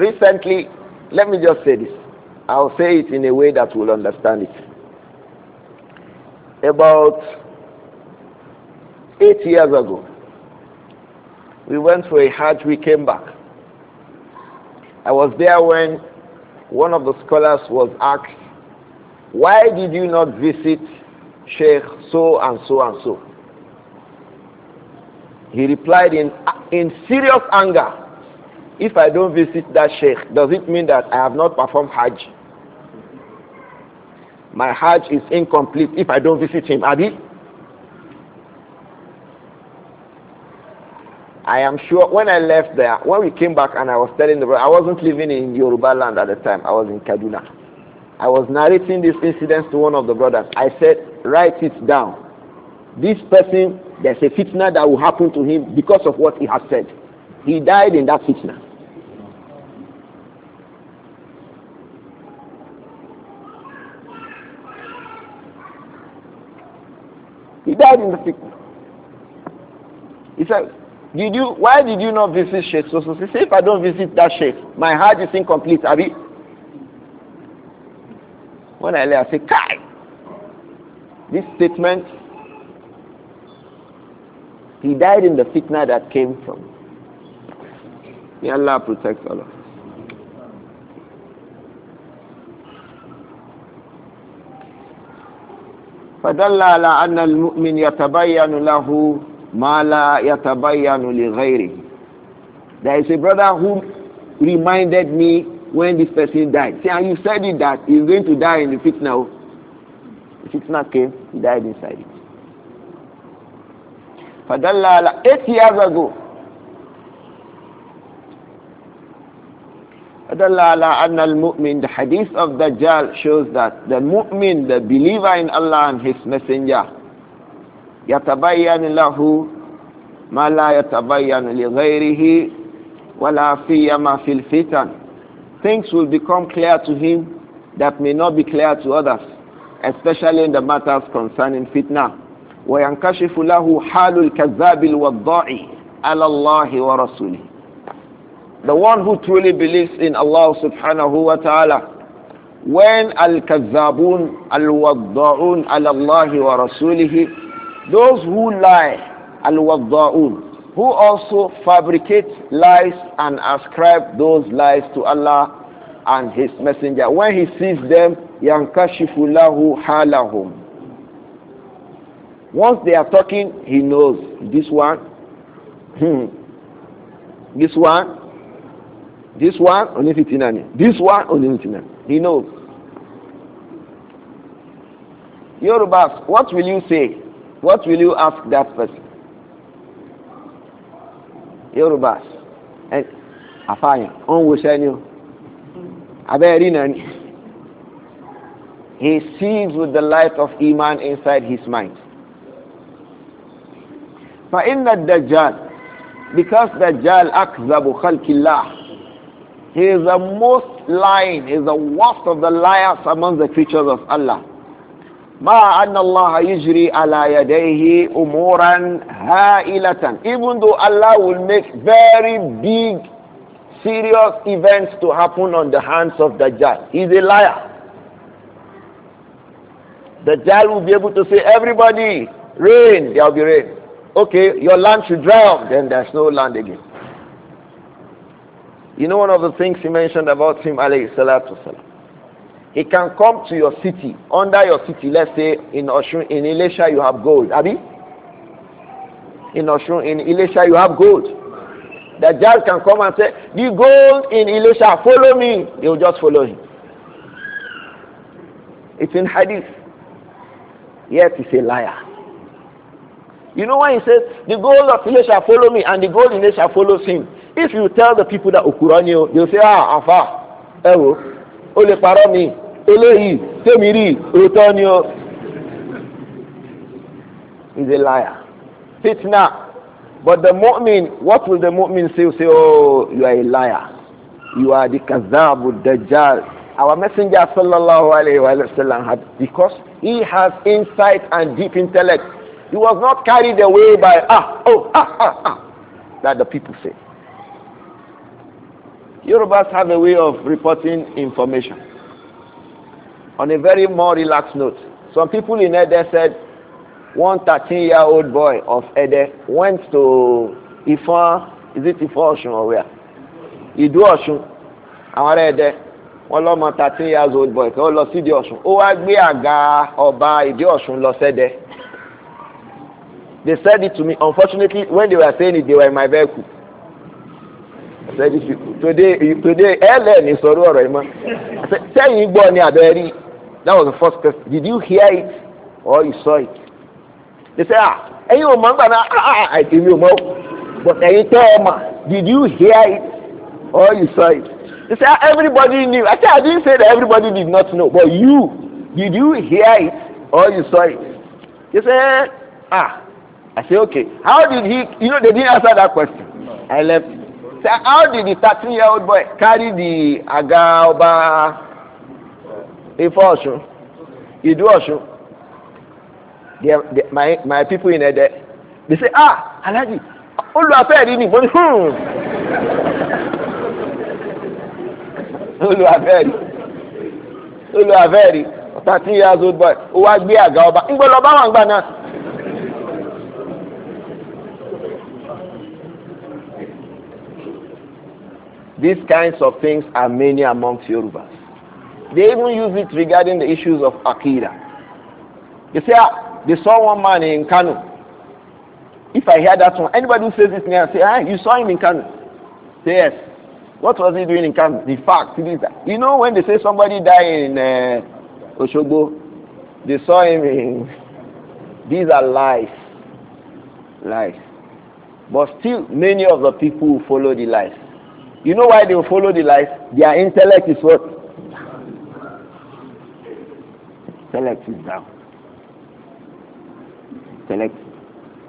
Recently, let me just say this. I'll say it in a way that will understand it. About eight years ago. We went for a Hajj, we came back. I was there when one of the scholars was asked, why did you not visit Sheikh so and so and so? He replied in, in serious anger, if I don't visit that Sheikh, does it mean that I have not performed Hajj? My Hajj is incomplete if I don't visit him, Abi." I am sure when I left there, when we came back and I was telling the brother, I wasn't living in Yoruba land at the time. I was in Kaduna. I was narrating this incident to one of the brothers. I said, write it down. This person, there's a fitna that will happen to him because of what he has said. He died in that fitna. He died in the fitna. He said, did you, why did you not visit Sheikh So, so if I don't visit that Sheikh, my heart is incomplete, Abi. When I lay, I say, Kai! This statement, he died in the fitna that came from. May Allah protect all of us. فدل على أن المؤمن يتبين له ما لا يتبين there is a brother who reminded me when this person died see and you said it that he's going to die in the fitna oh. the fitna came he died inside it fadalla eight years ago Adallala anna al the hadith of Dajjal shows that the mu'min, the believer in Allah and his messenger, يتبين له ما لا يتبين لغيره ولا فيما في الفتن things will become clear to him that may not be clear to others especially in the matters concerning fitna وينكشف له حال الكذاب الوضاع على الله ورسوله the one who truly believes in Allah subhanahu wa ta'ala when al-kazzabun al-wadda'un ala Allah wa rasulihi those who lie, al-wadda'un, who also fabricate lies and ascribe those lies to Allah and His Messenger. When He sees them, yankashifu lahu halahum. Once they are talking, He knows this one, hmm, this one, this one, onifitinani, this one, onifitinani. He knows. Yorubas, what will you say? What will you ask that person? Yorubas. And Afanya. On will send you. He sees with the light of Iman inside his mind. فإن الدجال because Dajjal akzabu khalqillah he is the most lying he is the worst of the liars among the creatures of Allah مع أن الله يجري على يديه أمورا هائلة even though Allah will make very big serious events to happen on the hands of Dajjal he's a liar Dajjal will be able to say everybody rain there will be rain okay your land should dry up then there's no land again you know one of the things he mentioned about him alayhi salatu salam he can come to your city, under your city. Let's say in Oshun, in Elisha you have gold. Abi? In Oshun, in Elisha you have gold. The judge can come and say, the gold in Elisha, follow me. They will just follow him. It's in Hadith. Yet he's a liar. You know why he says, the gold of Elisha follow me and the gold in Elisha follows him. If you tell the people that Okurani, they'll say, ah, Afa, Ewo, Ole Paromi, eléyìí tèmi rí òótọ́ ni o is a liar fitna but the mu'min what will the mu'min say say oh you are a liar you are the kazab dajjal our messenger sallallahu alaihi wasallam had because he has insight and deep intellect he was not carried away by ah oh ah ah ah that the people say Yorubas have a way of reporting information on a very more relaxed note. Some people in Ede said one 13-year-old boy of Ede went to Ifa. is it Ifa Oshun or where? Idu Oshun, àwọn ará Ede, wọ́n lọ́mọ 13 years old boy kan ó lọ sí Ìdí Ọ̀ṣun. Ó wá gbé àga ọba Ìdí Ọ̀ṣun lọ sẹ́dẹ̀. They said it to me. Unfortunately, when they were saying it, they were in my vehicle. I said, today, today, ẹ lẹ́ẹ̀ ní sọ̀rọ̀ ọ̀rọ̀ yìí mọ́. Sẹ́yìn gbọ́ ni àbẹ̀rí. That was the first question. Did you hear it or you saw it? They say, ah, ẹ̀yin ò mọ̀ nígbà ah, I give you more. but ẹ̀yin you ẹ mà, did you hear it or you saw it? They say, ah, everybody knew. I say, I didn't say that everybody did not know, but you, did you hear it or you saw it? They say, ah, I say, okay. How did he, you know, they didn't answer that question. I left. Say, how did the 13-year-old boy carry the Agaoba Ifá Ọ̀ṣun, Ìdú Ọ̀ṣun. My my people in Ede, they say, ah, Alhaji, olùwàfẹ́ rí ni, mo ní hmm. Olùwàfẹ́ rí, olùwàfẹ́ rí, thirteen years old boy, ó wá gbé àga ọba, ń gbọ́dọ̀ bá wọn gbà náà. These kinds of things are many amongst Yorubas. They even use it regarding the issues of Aqidah. They say, ah, they saw one man in Kanu. If I hear that one, anybody who says this I say, ah, you saw him in Kanu. Say, yes. What was he doing in Kanu? The fact, is that. You know when they say somebody died in uh, Oshogo, they saw him in... *laughs* These are lies. Lies. But still, many of the people follow the lies. You know why they follow the lies? Their intellect is what? Intellect is down. Intellect.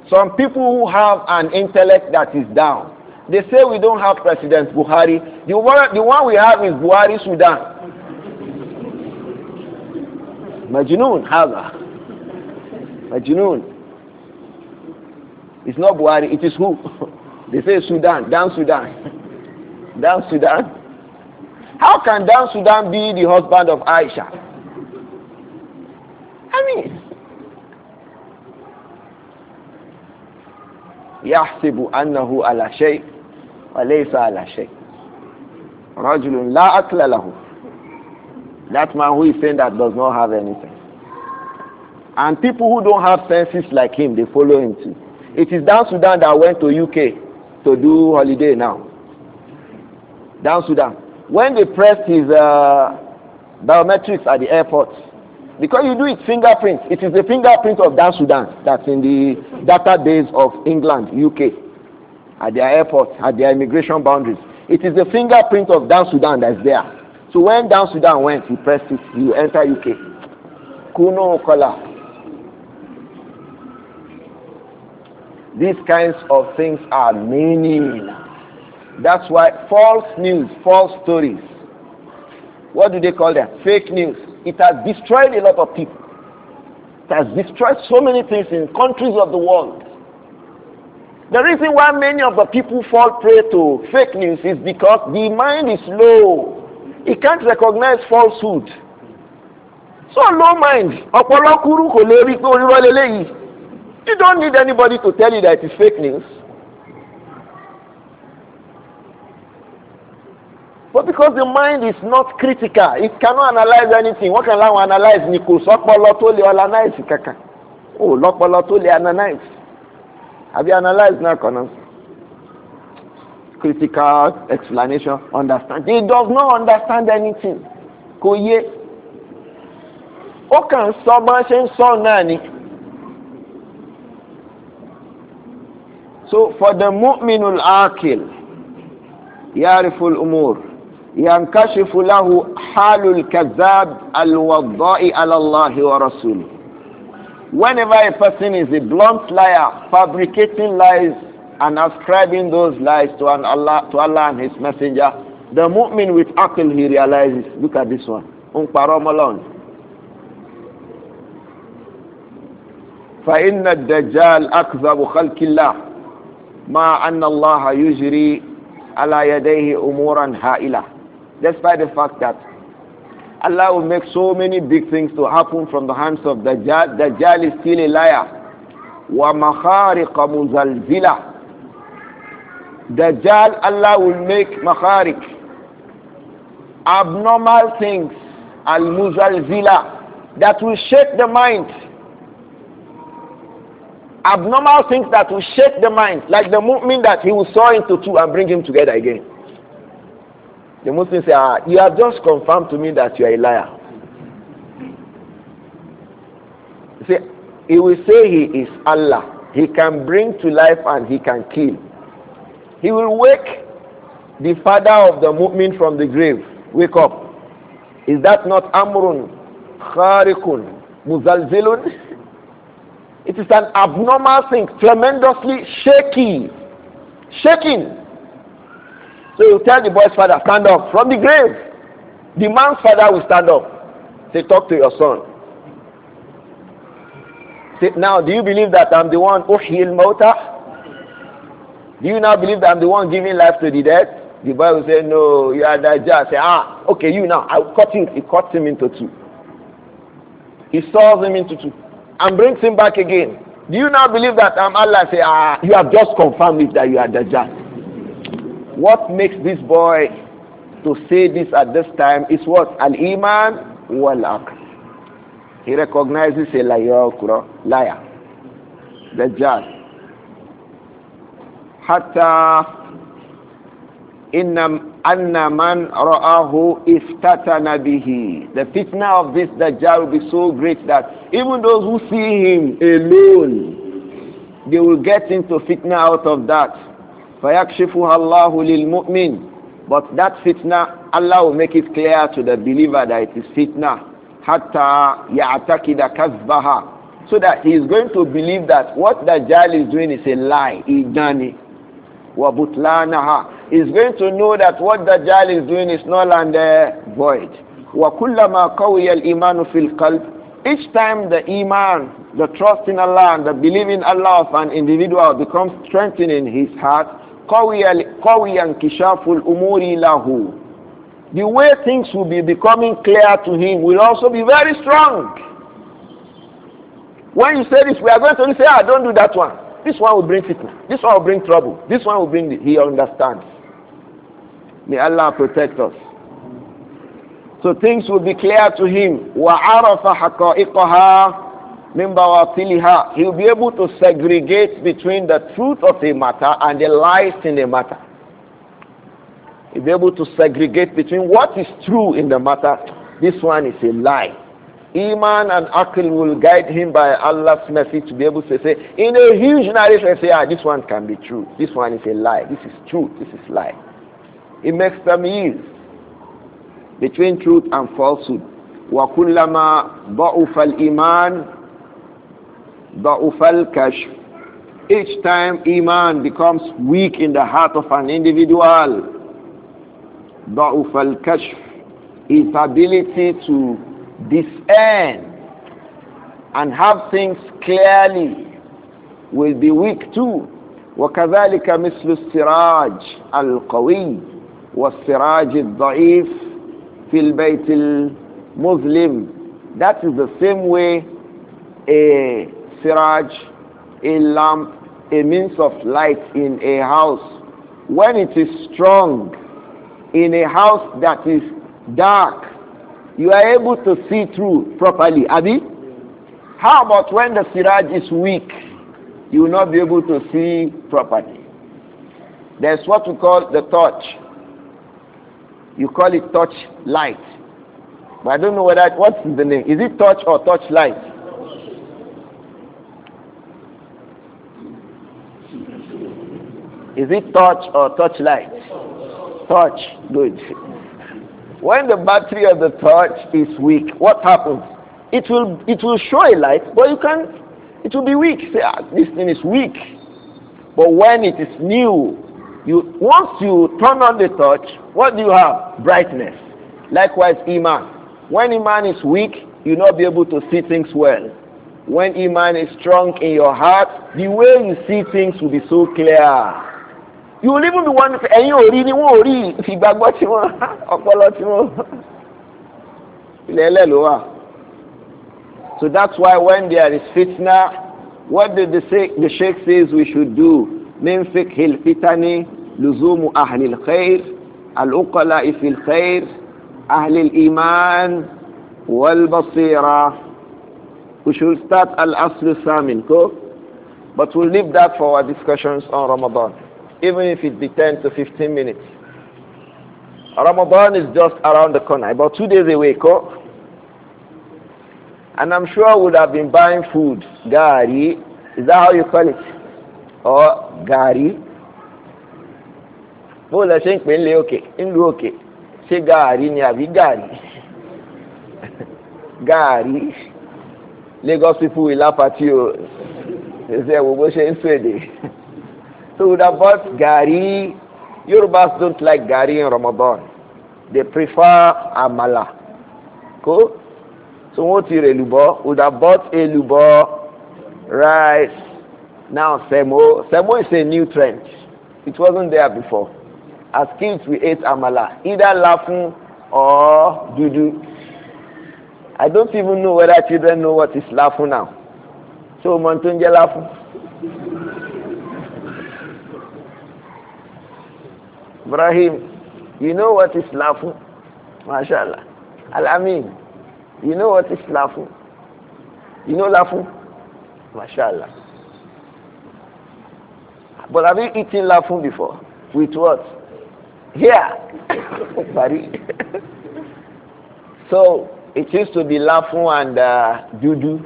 Some people who have an intellect that is down, they say we don't have President Buhari. The one, the one we have is Buhari Sudan. Majnun, Haga. Majnun. It's not Buhari, it is who? *laughs* they say Sudan, down Sudan. down Sudan. How can down Sudan be the husband of Aisha? I يحسب أنه على شيء وليس على شيء رجل لا أكل له that man who is saying that does not have anything and people who don't have senses like him they follow him too it is down Sudan that went to UK to do holiday now down Sudan when they pressed his uh, biometrics at the airport because you do it fingerprint. It is the fingerprint of Dan Sudan that's in the database of England, UK, at their airports, at their immigration boundaries. It is the fingerprint of Dan Sudan that's there. So when Dan Sudan went, he pressed it, you enter UK. Kuno Okola. These kinds of things are many. That's why false news, false stories. What do they call them? Fake news. It has destroyed a lot of people. It has destroyed so many things in countries of the world. The reason why many of the people fall prey to fake news is because the mind is low. It can't recognize falsehood. So low mind. You don't need anybody to tell you that it's fake news. But because the mind is not critical, it cannot analyze anything. What can I analyze? Ni kò sọ́pọ̀lọ́ tó lè analyze kankan. Ó lọ́pọ̀lọ́ analyze. Have you analyzed now, Connors? Critical explanation, understand. He does not understand anything. Koye. yé. Ó kàn sọ bá ṣe ń sọ náà ni. So for the mu'minul akil, yariful umur. ينكشف له حال الكذاب الوضاء على الله ورسوله whenever a person is a blunt liar fabricating lies and ascribing those lies to, an Allah, to Allah and his messenger the mu'min with aql he realizes look at this one فإن الدجال أكذب خلق الله ما أن الله يجري على يديه أمورا هائلة Despite the fact that Allah will make so many big things to happen from the hands of Dajjal. Dajjal is still a liar. وَمَخَارِقَ مُزَلْزِلَةً Dajjal, Allah will make makharik, abnormal things, al-muzalzila, that will shake the mind. Abnormal things that will shake the mind, like the movement that he will saw into two and bring him together again. The Muslim say, ah, you have just confirmed to me that you are a liar. See, he will say he is Allah. He can bring to life and he can kill. He will wake the father of the mu'min from the grave. Wake up. Is that not amrun, kharikun, muzalzilun? It is an abnormal thing, tremendously shaky, shaking. So you tell the boy's father, stand up from the grave. The man's father will stand up. Say, talk to your son. Say, now, do you believe that I'm the one who healed Mota? Do you now believe that I'm the one giving life to the dead? The boy will say, no, you are that judge. Say, ah, okay, you now. I will cut him. He cuts him into two. He saws him into two and brings him back again. Do you now believe that I'm Allah? Say, ah, you have just confirmed it that you are Dajjal. What makes this boy to say this at this time is what? Al-Iman wal-Aql. He recognizes a liar, liar, judge hatta إن أن من رآه افتتن The fitna of this Dajjal will be so great that even those who see him alone, they will get into fitna out of that. فَيَكْشِفُهَا اللَّهُ لِلْمُؤْمِنِ But that fitna, Allah will make it clear to the believer that it is fitna. حَتَّى يَعْتَكِدَ كَذْبَهَا So that he is going to believe that what Dajjal is doing is a lie. He done it. he He's going to know that what Dajjal is doing is null and uh, void. وَكُلَّمَا قَوِيَ الْإِيمَانُ فِي الْقَلْبِ each time the iman, the trust in Allah and the belief in Allah of an individual becomes strengthened in his heart, قوي انكشاف الأمور له the way things will be becoming clear to him will also be very strong when you say this we are going to say ah don't do that one this one will bring sickness this one will bring trouble this one will bring the, he understands may allah protect us so things will be clear to him وَعَرَفَ حَقَائِقَهَا min bawatiliha. He'll be able to segregate between the truth of a matter and the lies in a matter. He'll be able to segregate between what is true in the matter. This one is a lie. Iman and Akil will guide him by Allah's mercy to be able to say, in a huge narration, say, ah, this one can be true. This one is a lie. This is truth. This is lie. He makes them yield between truth and falsehood. وكلما ضعف الإيمان ضعف kashf. each time iman becomes weak in the heart of an individual ضعف kashf, his ability to discern and have things clearly will be weak too وكذلك مثل السراج القوي والسراج الضعيف في البيت المظلم that is the same way a siraj, a lamp, a means of light in a house, when it is strong, in a house that is dark, you are able to see through properly. Abi? How about when the siraj is weak? You will not be able to see properly. There's what we call the torch. You call it torch light. But I don't know whether, what's the name? Is it torch or torch light? Is it touch or touch light? Touch. Good. When the battery of the torch is weak, what happens? It will it will show a light, but you can it will be weak. Say ah, this thing is weak. But when it is new, you once you turn on the torch, what do you have? Brightness. Likewise, iman. When iman is weak, you'll not be able to see things well. When iman is strong in your heart, the way you see things will be so clear you will even be one ẹ̀yin ori ni wọ́n ori rí ìgbàgbọ́ tí wọ́n ọpọlọ tí wọ́n ilẹ̀ ẹlẹ́ ló wà. So that's why when there is fitna, what did the Sheikh, the Sheikh says we should do? من فقه الفتن لزوم أهل الخير العقلاء في الخير أهل الإيمان والبصيرة We should start al-asl samin, But we'll leave that for our discussions on Ramadan even if it be 10 to 15 minutes. Ramadan is just around the corner, about two days away. Ko. And I'm sure I would have been buying food. Gari, is that how you call it? Or gari? Mo lọ ṣe ń pè ń lé òkè, ń lu òkè. Ṣé gàárì ni gari, gàárì? *laughs* Lagos people will laugh at you. They say we bó ṣe in sèdè? *laughs* So we would have bought gari. Yorubas don't like gari in Ramadan. They prefer amala. Cool? So what you elubo? Would have bought elubo, rice. Now semo. Semo is a new trend. It wasn't there before. As kids we ate amala, either laughing or dudu. I don't even know whether children know what is laughing now. So Montunje laughing. Ibrahim, you know what is lafu? MashaAllah. Al-Amin, you know what is lafu? You know lafu? MashaAllah. But have you eaten lafu before? With what? Here. *coughs* so, it used to be lafu and uh, dudu.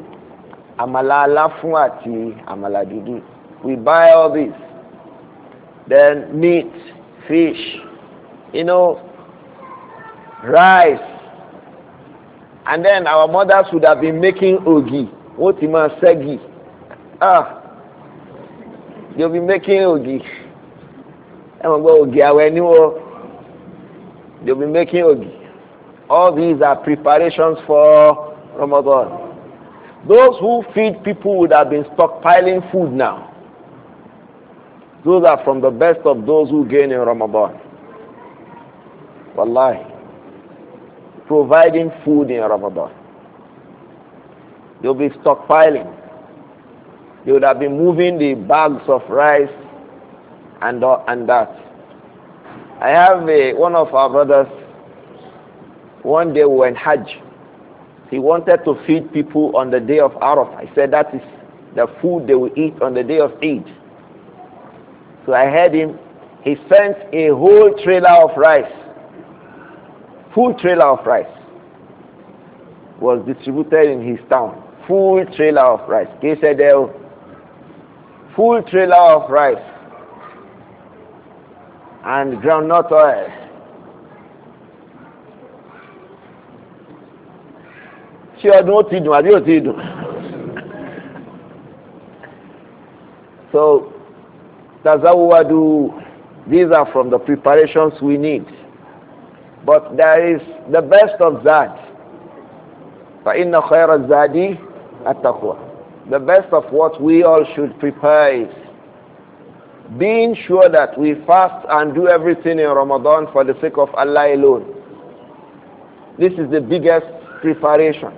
Amala laughing ati amala dudu. We buy all this. Then meat, fish, you know, rice. And then our mothers would have been making ogi, otima segi. Ah, they'll be making ogi. I'm going go ogi aweniwo. They'll be making ogi. All these are preparations for Ramadan. Those who feed people would have been stockpiling food now. Those are from the best of those who gain in Ramadan. Wallahi. Providing food in Ramadan. They'll be stockpiling. They would have been moving the bags of rice and, uh, and that. I have a, one of our brothers, one day we went Hajj. He wanted to feed people on the day of Arafah. I said that is the food they will eat on the day of Eid. So I heard him. He sent a whole trailer of rice, full trailer of rice, was distributed in his town. Full trailer of rice. They said, eh, oh. full trailer of rice and groundnut oil. ṣé ọdún ó ti dùn àbí ó ti dùn? *laughs* so Tazawwadu. These are from the preparations we need. But there is the best of that. فَإِنَّ خَيْرَ الزَّادِ التَّقْوَى The best of what we all should prepare is being sure that we fast and do everything in Ramadan for the sake of Allah alone. This is the biggest preparation.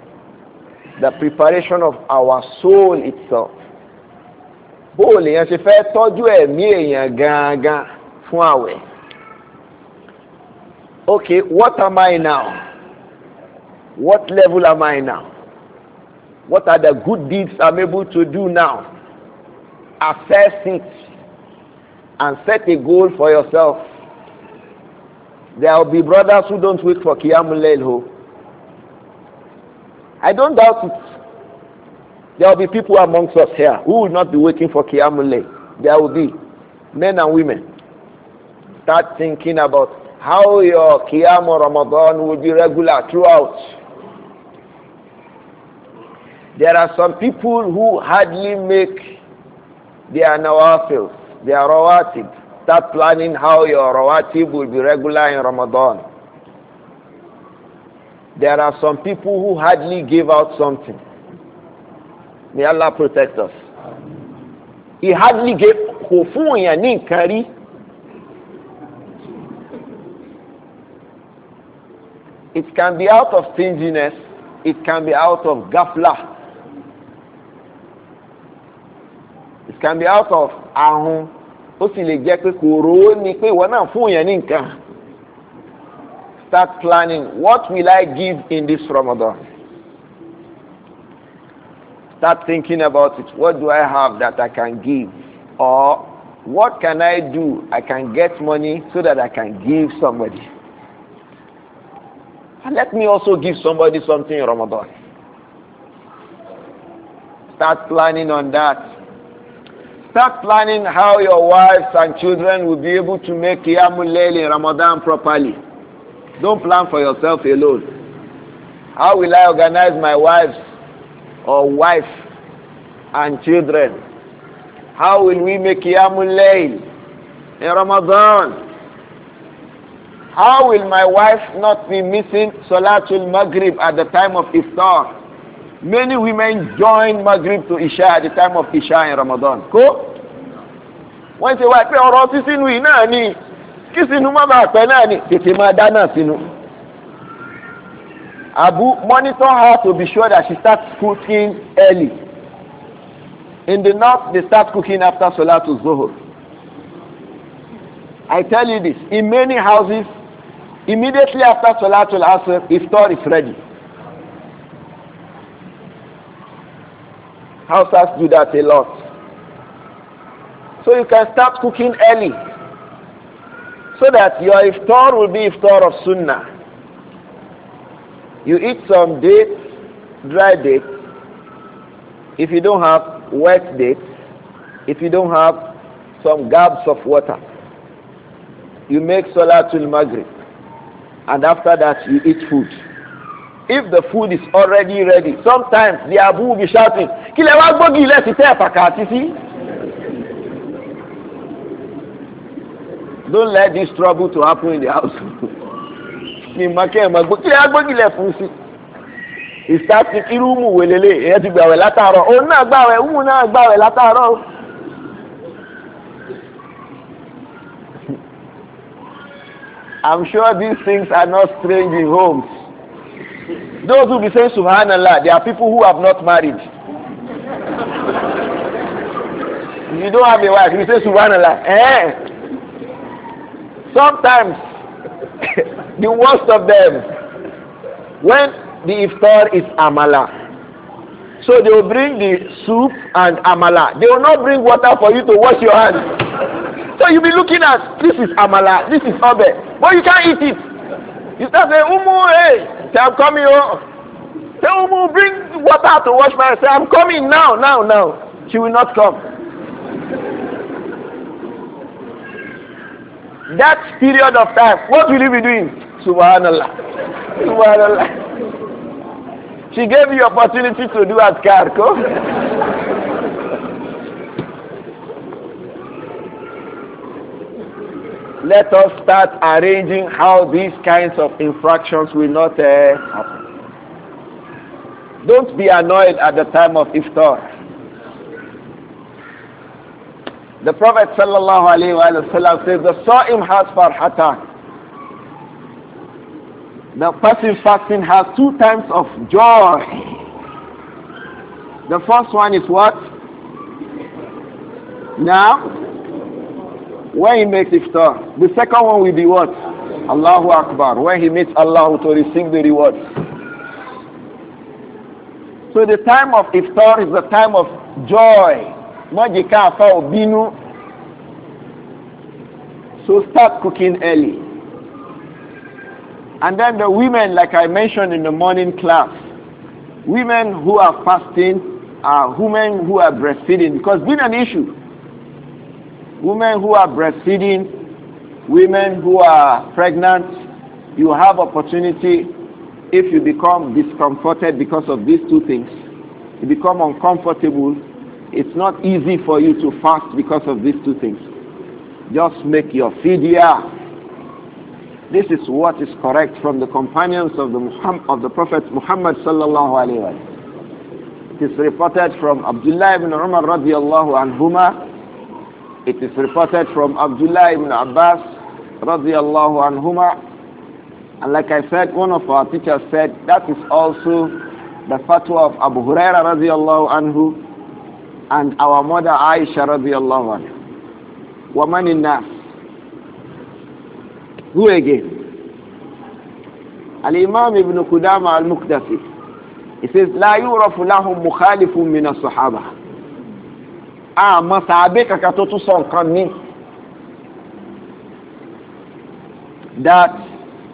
The preparation of our soul itself bó o ṣe fẹ́ tọ́jú ẹ̀mí èèyàn gangan fún àwẹ̀ okay what am I now what level am I now what are the good deeds I'm able to do now assess it and set a goal for yourself there will be brothers who don't wait for Qiyamul I don't doubt it there will be people amongst us here who will not be waiting for Qiyamul There will be men and women. Start thinking about how your Qiyam or Ramadan will be regular throughout. There are some people who hardly make their nawafil, their rawatib. Start planning how your rawatib will be regular in Ramadan. There are some people who hardly give out something. May Allah protect us. He hardly gave Kofun Yanin Kari. It can be out of stinginess, it can be out of gafla, it can be out of ahun. Ó sì lè jẹ́ pé kò rówó ni pé ìwọ náà fún yẹn ní nǹkan. Start planning what will I give in this Ramadan? Start thinking about it. What do I have that I can give? Or what can I do? I can get money so that I can give somebody. And let me also give somebody something in Ramadan. Start planning on that. Start planning how your wives and children will be able to make Qiyamul in Ramadan properly. Don't plan for yourself alone. How will I organize my wives or wife and children. How will we make Yamul Layl in Ramadan? How will my wife not be missing Salatul Maghrib at the time of Iftar? Many women join Maghrib to Isha at the time of Isha in Ramadan. Cool? When you wá pé you sísínú yìí náà ni kí sinú má bàa pẹ́ náà ni tètè máa dáná Abu, monitor her to be sure that she starts cooking early. In the north, they start cooking after Salatul Zuhur. I tell you this, in many houses, immediately after Salatul Asr, iftar is ready. Houses do that a lot. So you can start cooking early so that your iftar will be iftar of sunnah. You eat some dates, dry dates. If you don't have wet dates, if you don't have some gobs of water, you make Salatul Maghrib. And after that, you eat food. If the food is already ready, sometimes the Abu will be shouting, Kilewa let's ti tẹ́ you see? sí. Don't let this trouble to happen in the house. *laughs* ní mọ́kẹ́ ẹ̀mọ́ gbó kílẹ̀ agbógilẹ̀ fún sí ìsáàtì kírúmù wèlélé ìyẹn ti gbàwẹ̀ látàárọ̀ òun náà gbàwẹ̀ òun náà gbàwẹ̀ látàárọ̀ *laughs* I'm sure these things are not strange in homes. Those who be saying subhanallah, they are people who have not married. *laughs* you don't have a wife, you say subhanallah. Eh? Sometimes *laughs* The worst of them. When the iftar is amala. So they will bring the soup and amala. They will not bring water for you to wash your hands. So you'll be looking at this is amala, this is obe, but you can't eat it. You start saying, Umu, hey, say, I'm coming. Oh. Say, Umu, bring water to wash my hands. Say, I'm coming now, now, now. She will not come. That period of time, what will you be doing? Subhanallah. Subhanallah. She gave you opportunity to do as Karko. Let us start arranging how these kinds of infractions will not uh, happen. Don't be annoyed at the time of iftar. The Prophet sallallahu says the Sa'im has farhatan. The person fasting has two times of joy. The first one is what? Now, when he makes iftar. The second one will be what? Allahu Akbar. When he meets Allah to receive the reward. So the time of iftar is the time of joy. So start cooking early. And then the women, like I mentioned in the morning class, women who are fasting women who are breastfeeding because it's been an issue. Women who are breastfeeding, women who are pregnant, you have opportunity if you become discomforted because of these two things. You become uncomfortable. It's not easy for you to fast because of these two things. Just make your fidya this is what is correct from the companions of the, Muhammad, of the Prophet Muhammad sallallahu alaihi wasallam. It is reported from Abdullah ibn Umar radiallahu anhuma. It is reported from Abdullah ibn Abbas radiallahu anhuma. And like I said, one of our teachers said that is also the fatwa of Abu Huraira radiallahu anhu and our mother Aisha radiallahu anhu. Woman in Nas. Who again? Al-Imam Ibn Qudama Al-Muqdasi. He says, لا يعرف لهم مخالف من الصحابة. Ah, masabe kakato to son That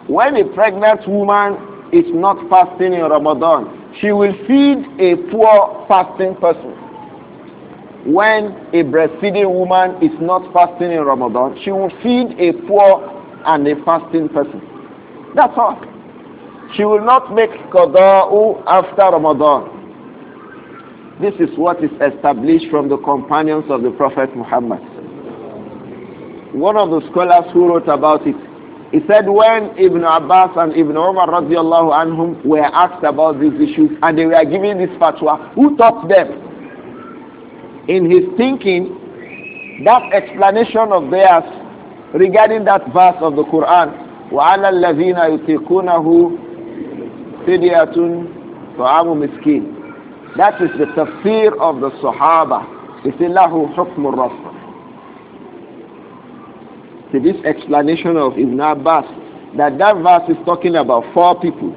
when a pregnant woman is not fasting in Ramadan, she will feed a poor fasting person. When a breastfeeding woman is not fasting in Ramadan, she will feed a poor and a fasting person. That's all. She will not make qada'u after Ramadan. This is what is established from the companions of the Prophet Muhammad. One of the scholars who wrote about it, he said when Ibn Abbas and Ibn Umar radiallahu anhum were asked about these issues and they were giving this fatwa, who taught them? In his thinking, that explanation of theirs regarding that verse of the Quran, وَعَلَى الَّذِينَ يُتِيقُونَهُ فِدْيَةٌ طَعَامُ مِسْكِينٌ That is the tafsir of the Sahaba. It's lahu hukm al See this explanation of Ibn Abbas, that that verse is talking about four people.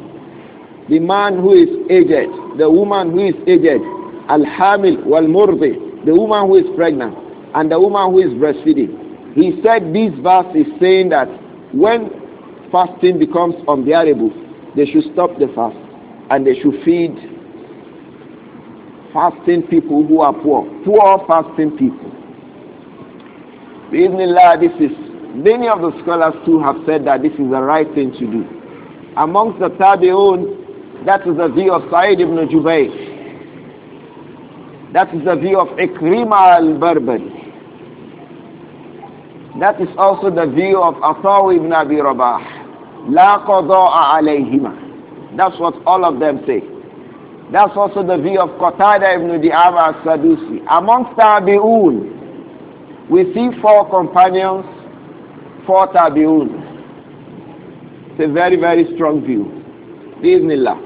The man who is aged, the woman who is aged, al-hamil wal-murdi, the woman who is pregnant, and the woman who is breastfeeding. He said this verse is saying that when fasting becomes unbearable, they should stop the fast and they should feed fasting people who are poor, poor fasting people. Bismillah, this is, many of the scholars too have said that this is the right thing to do. Amongst the Tabi'un, that is the view of Sa'id ibn Jubayr. That is the view of Ikrimah al-Barbari. That is also the view of Ataw ibn Abi Rabah. La qada'a alayhima. That's what all of them say. That's also the view of Qatada ibn Di'aba al-Sadusi. Amongst Tabi'un, we see four companions, four Tabi'un. It's a very, very strong view. Bismillah.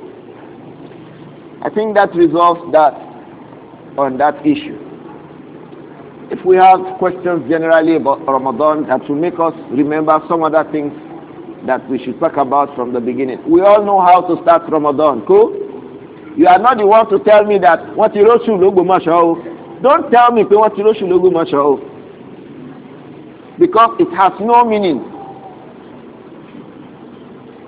I think that resolves that on that issue. If we have questions generally about Ramadan that will make us remember some other things that we should talk about from the beginning. We all know how to start Ramadan. Cool? You are not the one to tell me that what you wrote logo mashao. Don't tell me what you wrote logo mashao. Because it has no meaning.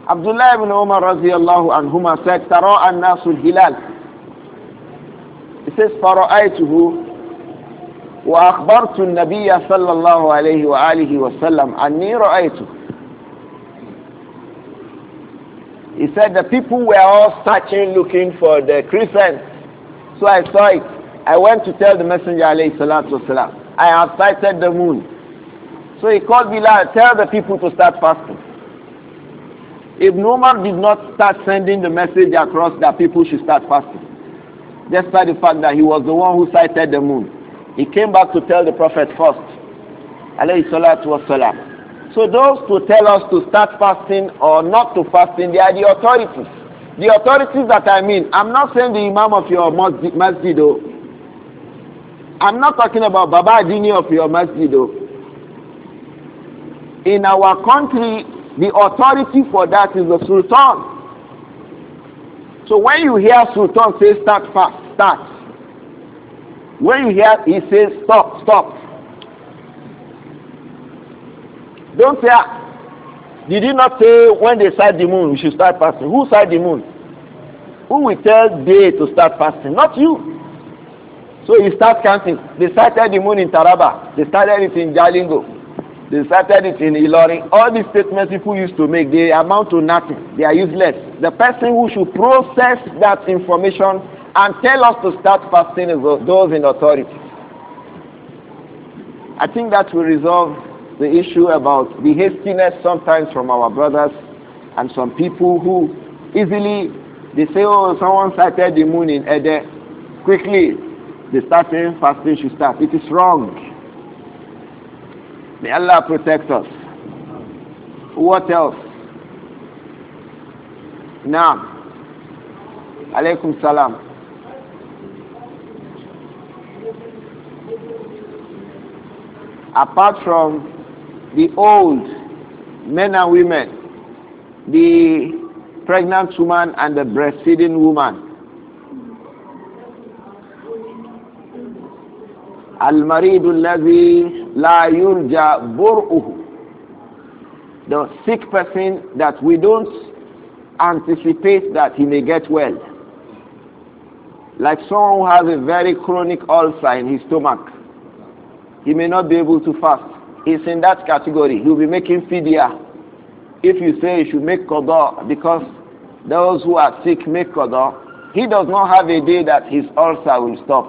Abdullah ibn Umar radiallahu anhuma said, Tara an nasul hilal. It says, Fara'aytuhu وأخبرت النبي صلى الله عليه وآله وسلم أني رأيته He said the people were all searching looking for the crescent. So I saw it. I went to tell the messenger alayhi salatu wasalam, I have sighted the moon. So he called Bilal, tell the people to start fasting. If no man did not start sending the message across that people should start fasting. Despite the fact that he was the one who sighted the moon. He came back to tell the Prophet first. So those to tell us to start fasting or not to fasting, they are the authorities. The authorities that I mean, I'm not saying the imam of your masjid, masjid oh. I'm not talking about Baba Adini of your masjid oh. In our country, the authority for that is the Sultan. So when you hear Sultan say start fast, start. When you hear, he says, stop, stop. Don't say, ah, did he not say when they sight the moon, we should start fasting? Who sight the moon? Who will tell day to start fasting? Not you. So he starts counting. They sighted the moon in Taraba. They started it in Jalingo. They started it in Ilorin. All these statements people used to make, they amount to nothing. They are useless. The person who should process that information and tell us to start fasting those in authority. I think that will resolve the issue about the hastiness sometimes from our brothers and some people who easily they say, oh, someone sighted the moon in Ede. Quickly, they start saying fasting should start. It is wrong. May Allah protect us. What else? Now, alaikum salam. apart from the old men and women, the pregnant woman and the breastfeeding woman. المريض الذي لا يرجى برؤه the sick person that we don't anticipate that he may get well like someone who has a very chronic ulcer in his stomach he may not be able to fast. He's in that category. He'll be making fidya. If you say he should make qadar because those who are sick make qadar, he does not have a day that his ulcer will stop.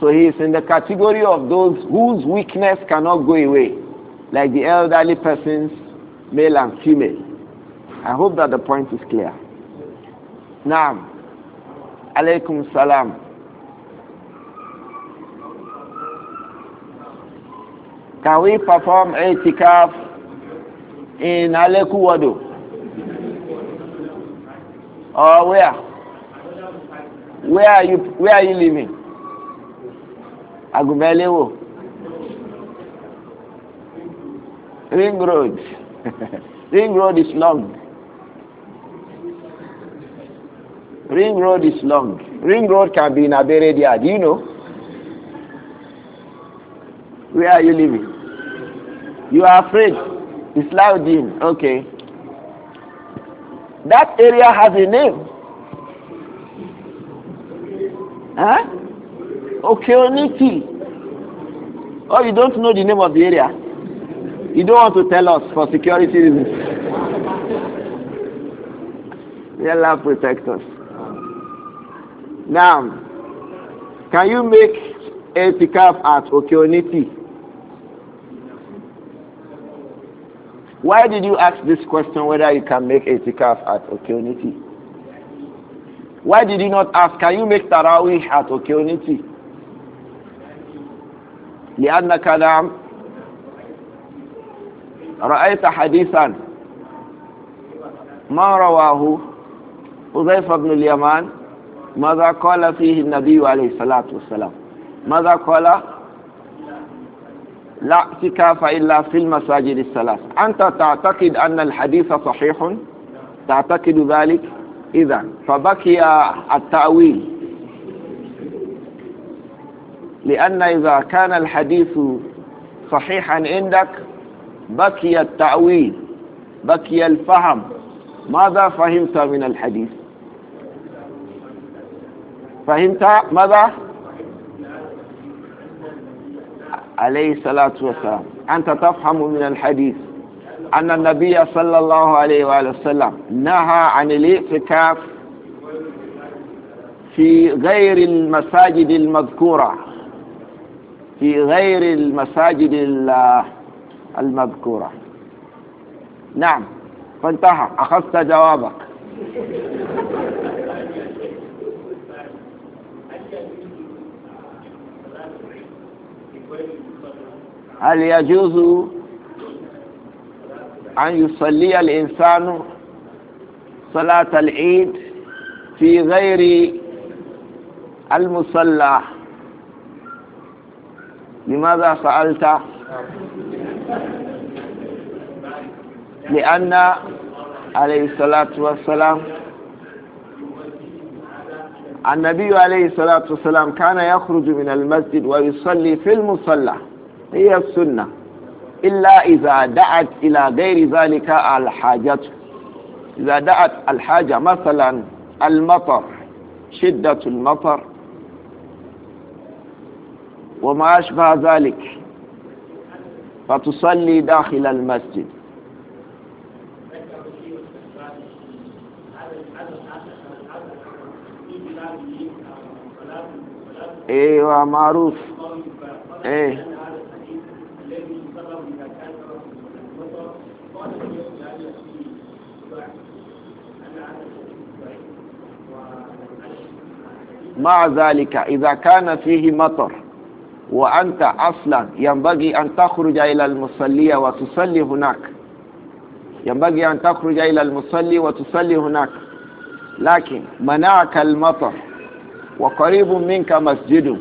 So he is in the category of those whose weakness cannot go away, like the elderly persons, male and female. I hope that the point is clear. Nam, Alaykum salam. Can we perform itikaf in Aleku Wado? Or where? Where are you where are you living? Agumelewo. Ring road. *laughs* Ring road is long. Ring road is long. Ring road can be in Aberedia. Do you know? Where are you living? You are afraid. It's in. Okay. That area has a name. Huh? Okeoniki. Oh, you don't know the name of the area? You don't want to tell us for security reasons. May *laughs* Allah protect us. Now, can you make a pickup at Okeoniki? Why did you ask this question whether you can make itikaf at Okeonity? Why did you not ask, can you make tarawih at Okeonity? لأن كلام رأيت حديثا ما رواه حذيفة بن اليمان ماذا قال فيه النبي عليه الصلاة والسلام ماذا قال لا اعتكاف إلا في المساجد الثلاث أنت تعتقد أن الحديث صحيح تعتقد ذلك إذا فبقي التأويل لأن إذا كان الحديث صحيحا عندك بقي التأويل بقي الفهم ماذا فهمت من الحديث فهمت ماذا عليه الصلاة والسلام أنت تفهم من الحديث أن النبي صلى الله عليه وآله وسلم نهى عن الاعتكاف في غير المساجد المذكورة في غير المساجد المذكورة نعم فانتهى أخذت جوابك هل يجوز أن يصلي الإنسان صلاة العيد في غير المصلى لماذا سألت لأن عليه الصلاة والسلام النبي عليه الصلاة والسلام كان يخرج من المسجد ويصلي في المصلى هي السنة إلا إذا دعت إلى غير ذلك الحاجة إذا دعت الحاجة مثلا المطر شدة المطر وما أشبه ذلك فتصلي داخل المسجد ايوه معروف ايه مع ذلك إذا كان فيه مطر وأنت أصلا ينبغي أن تخرج إلى المصلية وتصلي هناك ينبغي أن تخرج إلى المصلي وتصلي هناك لكن منعك المطر وقريب منك مسجد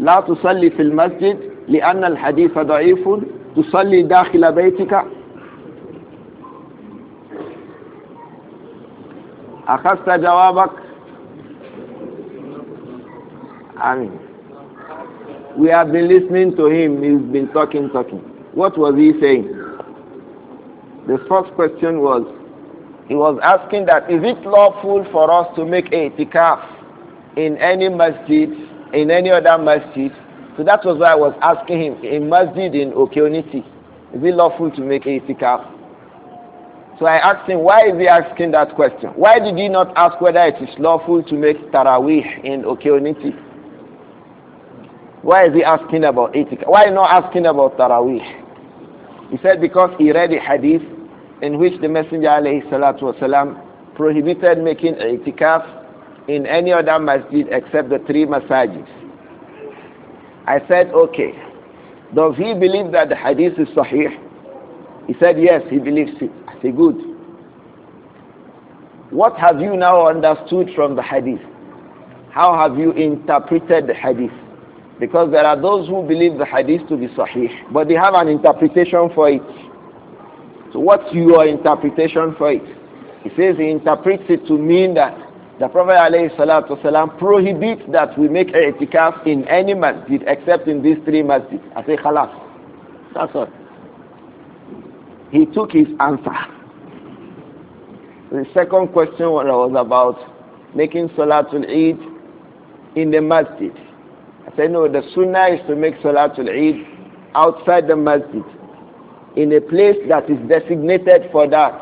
لا تصلي في المسجد لأن الحديث ضعيف تصلي داخل بيتك أخذت جوابك Amin. We have been listening to him. He's been talking, talking. What was he saying? The first question was, he was asking that, is it lawful for us to make a tikaf in any masjid, in any other masjid? So that was why I was asking him, a masjid in Okeoniti, is it lawful to make a tikaf? So I asked him, why is he asking that question? Why did he not ask whether it is lawful to make tarawih in Okeoniti? Why is he asking about itikaf? Why not asking about Taraweeh? He said because he read a hadith in which the Messenger والسلام, prohibited making itikaf in any other masjid except the three masajids. I said, okay. Does he believe that the hadith is sahih? He said, yes, he believes it. I said, good. What have you now understood from the hadith? How have you interpreted the hadith? Because there are those who believe the hadith to be sahih, but they have an interpretation for it. So what's your interpretation for it? He says he interprets it to mean that the Prophet ﷺ prohibits that we make i'tikaf in any masjid except in these three masjids. I say khalas. That's all. He took his answer. The second question was about making Salatul Eid in the masjid. Say, no, the sunnah is to make Salatul Eid outside the masjid, in a place that is designated for that,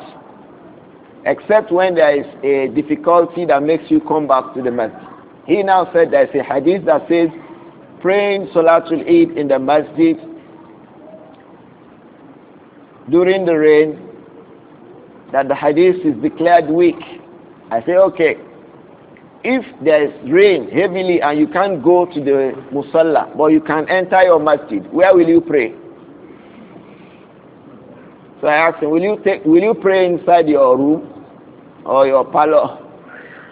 except when there is a difficulty that makes you come back to the masjid. He now said there is a hadith that says, praying Salatul Eid in the masjid during the rain, that the hadith is declared weak. I say, okay, if there is rain heavily and you can't go to the musalla but you can enter your masjid where will you pray so i asked him will you take will you pray inside your room or your parlor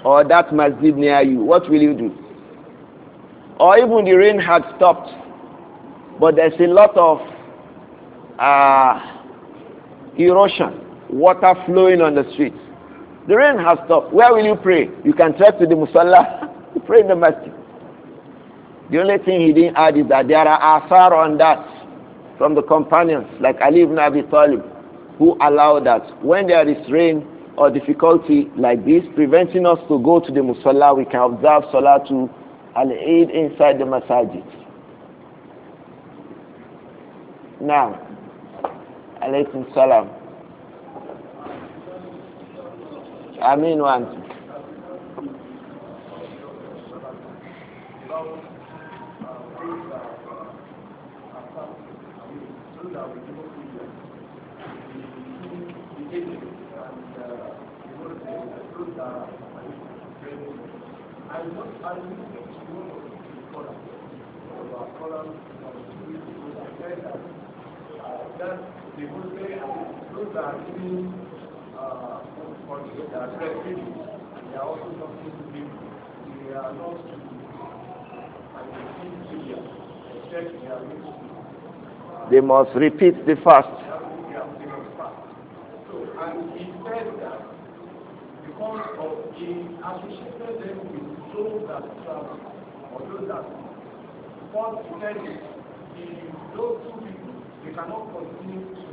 or that masjid near you what will you do or even the rain had stopped but there's a lot of uh, erosion water flowing on the streets the rain has stopped. Where will you pray? You can trek to the musalla, *laughs* pray in the masjid. The only thing he didn't add is that there are asar on that from the companions, like Ali ibn Abi Talib, who allow that when there is rain or difficulty like this, preventing us to go to the musalla, we can observe salatu and aid inside the masjid. Now, alaykum salam. امين وانت that are they must repeat the fast. and he said that because of the associated them with those that travel um, or those that um, those two people they cannot continue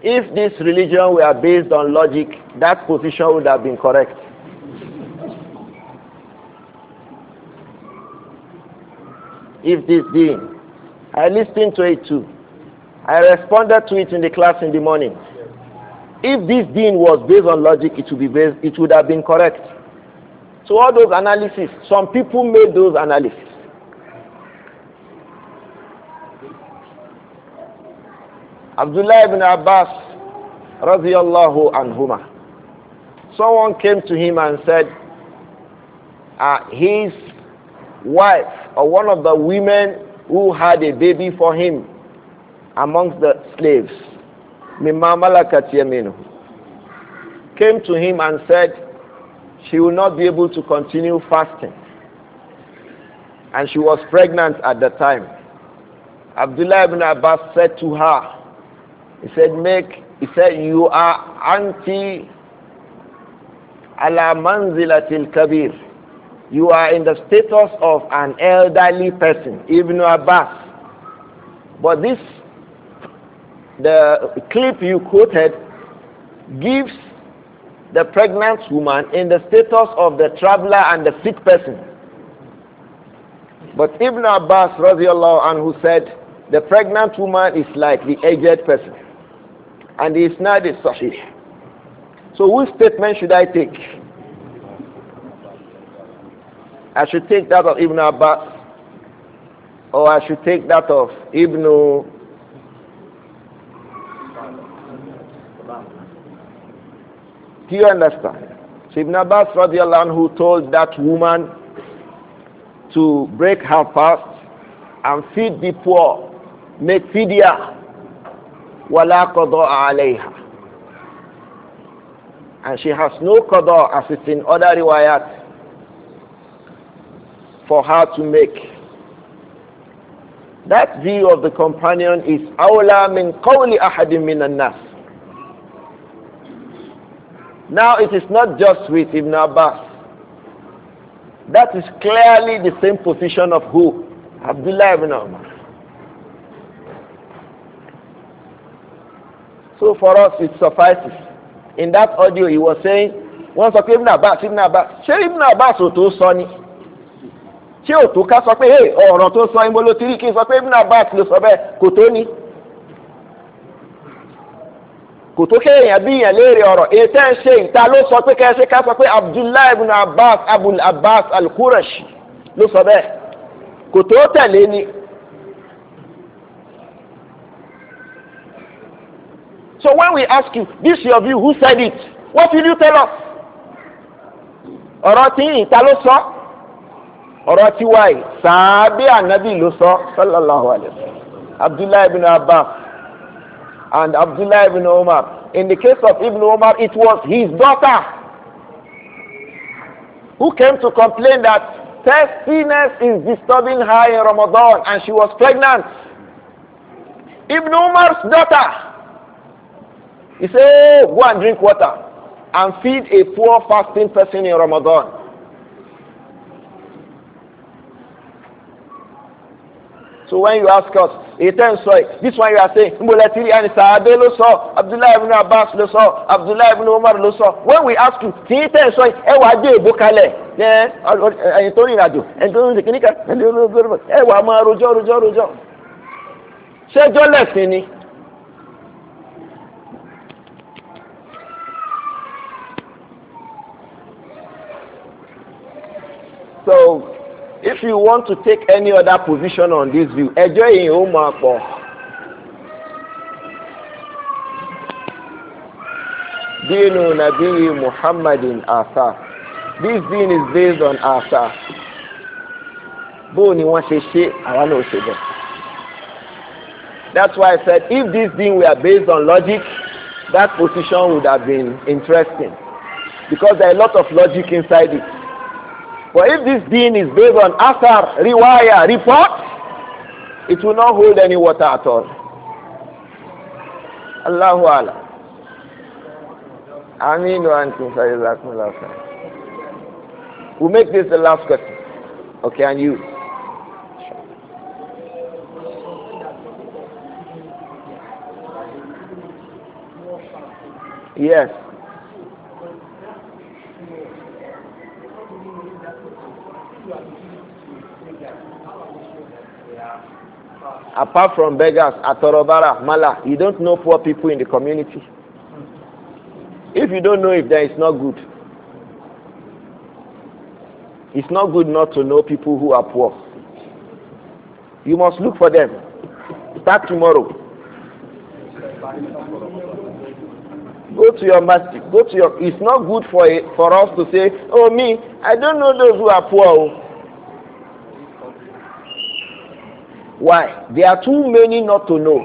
If this religion were based on logic, that position would have been correct. if this being, I listened to it too. I responded to it in the class in the morning. If this deen was based on logic, it would, be based, it would have been correct. So all those analyses, some people made those analyses. Abdullah ibn Abbas, radiallahu anhuma. Someone came to him and said, uh, his wife or one of the women who had a baby for him amongst the slaves, Mimma Malakat came to him and said she will not be able to continue fasting. And she was pregnant at the time. Abdullah ibn Abbas said to her, he said, make, he said, you are anti ala manzilatil kabir. You are in the status of an elderly person, Ibn Abbas. But this the clip you quoted gives the pregnant woman in the status of the traveler and the sick person. But Ibn Abbas and who said, the pregnant woman is like the aged person. And is not a sahih. So which statement should I take? I should take that of Ibn Abbas or I should take that of Ibn do you understand? So Ibn Abbas radiallahu anhu told that woman to break her fast and feed the poor, make fidya, wala qada'a alayha. And she has no qada as it's in other riwayat for her to make. That view of the companion is awla min qawli ahadim minan nas. Now it is not just with Ibn Abbas. That is clearly the same position of who? Abdullah ibn Umar. So for us it suffices. In that audio he was saying, once sọ Ibn Abbas, Ibn Abbas, ṣé Ibn Abbas ò tó sọ ṣé ò tó ká sọ pé ọ̀rọ̀ tó sọ ibo ló ti rí kí n sọ pé ibùdó abbas ló sọ bẹ́ẹ̀ kò tó ni kò tó kéèyàn bí èèyàn léèrè ọ̀rọ̀ èyí tẹ́ ń ṣe ìta ló sọ pé kẹ́ ẹ ṣe ká sọ pé abdullahi ibn abbas abul abbas al ló sọ bẹ́ẹ̀ kò tó tẹ̀lé ni. So when we ask you this of you who said it what will you tell us? ọ̀rọ̀ tí ìta ló sọ. So? ọ̀rọ̀ tí wáyé sàábé ànábì ló sọ sallallahu alayhi abdullahi ibn abbas and abdullahi ibn umar in the case of ibn umar it was his daughter who came to complain that thirstiness is disturbing her in ramadan and she was pregnant ibn umar's daughter he said oh, go and drink water and feed a poor fasting person in ramadan So when you ask us, Ethan sọ ẹ̀, this one you are saying, Mboletiri and Saabe ló sọ, Abdullahi ibn Abbas ló sọ, Abdullahi ibn Umar ló sọ. When we ask you, kì í tẹ̀ sọ ẹ̀ wá dé èbó kalẹ̀, ẹ̀yìn tó rìn àjò, ẹ̀yìn tó rìn kìnnìkan, ẹ̀yìn tó rìn kìnnìkan, ẹ̀ wà máa rojọ́ rojọ́ rojọ́. Ṣéjọ́ lẹ̀sìn ni. So. If you want to take any other position on this view, enjoy in Omar for. Dinu Nabi Muhammadin Asa. This deen is based on Asa. That's why I said if this thing were based on logic, that position would have been interesting. Because there are a lot of logic inside it. But if this deen is based on asar, rewire report, it will not hold any water at all. Allahu Allah. Ameen wa antum jazakumullah We'll make this the last question. Okay, and you. Yes. apart from beggars, atorobara, mala, you don't know poor people in the community. If you don't know if there is not good, it's not good not to know people who are poor. You must look for them. Start tomorrow. Go to your mosque Go to your. It's not good for for us to say, "Oh me, I don't know those who are poor." Oh. Why? There are too many not to know.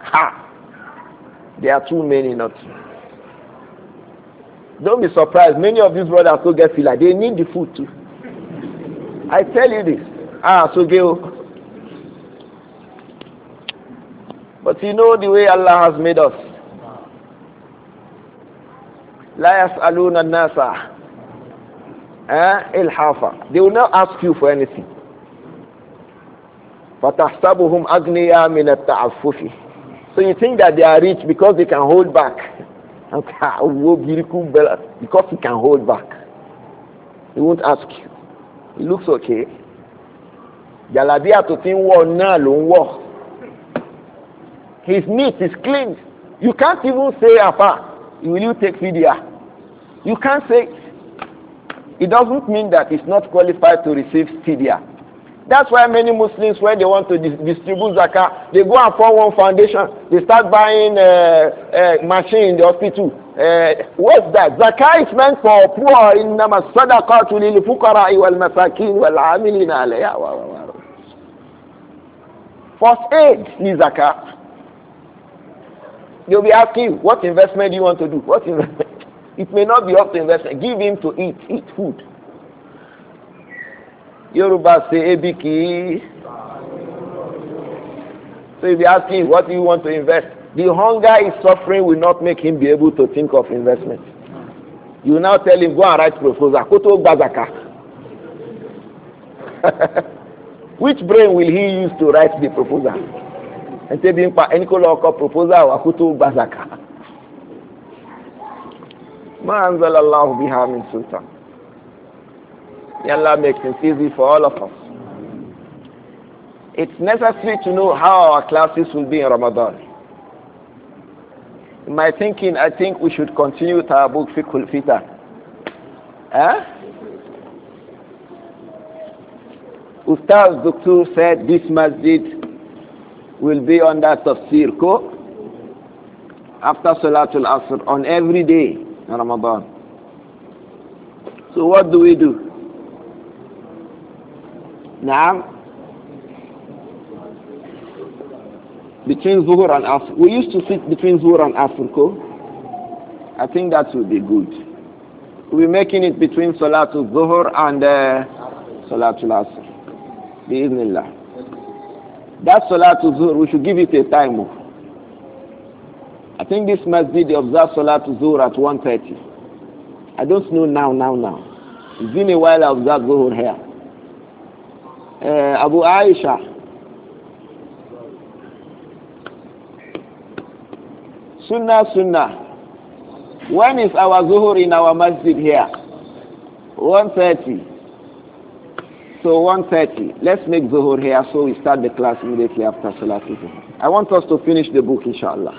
Ha! There are too many not to know. Don't be surprised. Many of these brothers who get filler, they need the food too. I tell you this. Ah, so go. Oh. But you know the way Allah has made us. La aluna nasa eh, hafa. They will not ask you for anything. فَتَحْسَبُهُمْ أَغْنِيَا مِنَ التَّعَفُّفِ So you think that they are rich because they can hold back. *laughs* because he can hold back. He won't ask you. He looks okay. Jalabiya to think wo now His meat is clean. You can't even say apa. Will you take video? You can't say. It doesn't mean that he's not qualified to receive fidya. That's why many Muslims, when they want to dis distribute zakah, they go and form one foundation. They start buying uh, uh, machine in the hospital. Uh, what's that? Zakah is meant for poor. إنما الصدقات للفقراء wa wa wa. First aid needs zakah. They'll be asking you, what investment do you want to do? What investment? *laughs* It may not be up to investment. Give him to eat, eat food. Yoruba say Ebiki. So if you ask him, what do you want to invest? The hunger is suffering will not make him be able to think of investment. You now tell him, go and write proposal. Koto Bazaka. *laughs* Which brain will he use to write the proposal? And say, being any local proposal, Koto Bazaka. ما أنزل الله sultan. May Allah make things easy for all of us. It's necessary to know how our classes will be in Ramadan. In my thinking, I think we should continue with our book Fiqhul Fita. Huh? Ustaz Duktur said this masjid will be on that tafsir ko after Salatul Asr on every day in Ramadan. So what do we do? Now, between Zuhur and Asr. We used to sit between Zuhur and Asr. I think that would be good. We're making it between Salatul Zuhur and uh, Salatul Asr. Bismillah. That Salatul Zuhur, we should give it a time. Oh. I think this must be the observes Salatul Zuhur at 1.30. I don't know now, now, now. It's been a while I observed Zuhur here. Eh, Abu Aisha. Sunnah, Sunnah. When is our zuhur in our masjid here? 1.30. So 1.30. Let's make zuhur here so we start the class immediately after Salah. I want us to finish the book inshallah.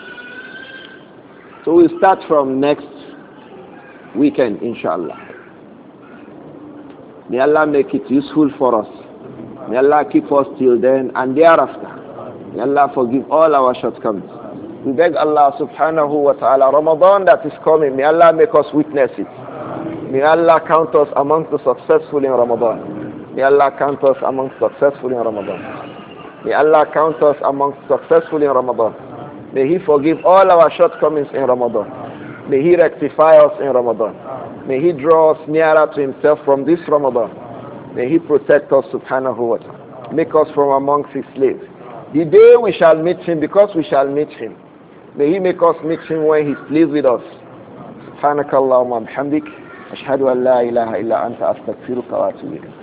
So we start from next weekend inshallah. May Allah make it useful for us. May Allah keep us till then and thereafter. May Allah forgive all our shortcomings. We beg Allah subhanahu wa ta'ala, Ramadan that is coming, may Allah make us witness it. May Allah count us amongst the successful in Ramadan. May Allah count us amongst successful in Ramadan. May Allah count us amongst successful in Ramadan. May He forgive all our shortcomings in Ramadan. May He rectify us in Ramadan. May He draw us nearer to Himself from this Ramadan. May He protect us subhanahu wa ta'ala. Make us from amongst His slaves. The day we shall meet Him, because we shall meet Him, may He make us meet Him when He's pleased with us. سبحانك wa bihamdik, أشهد أن لا إله إلا أنت أستغفرك وأتوب إليك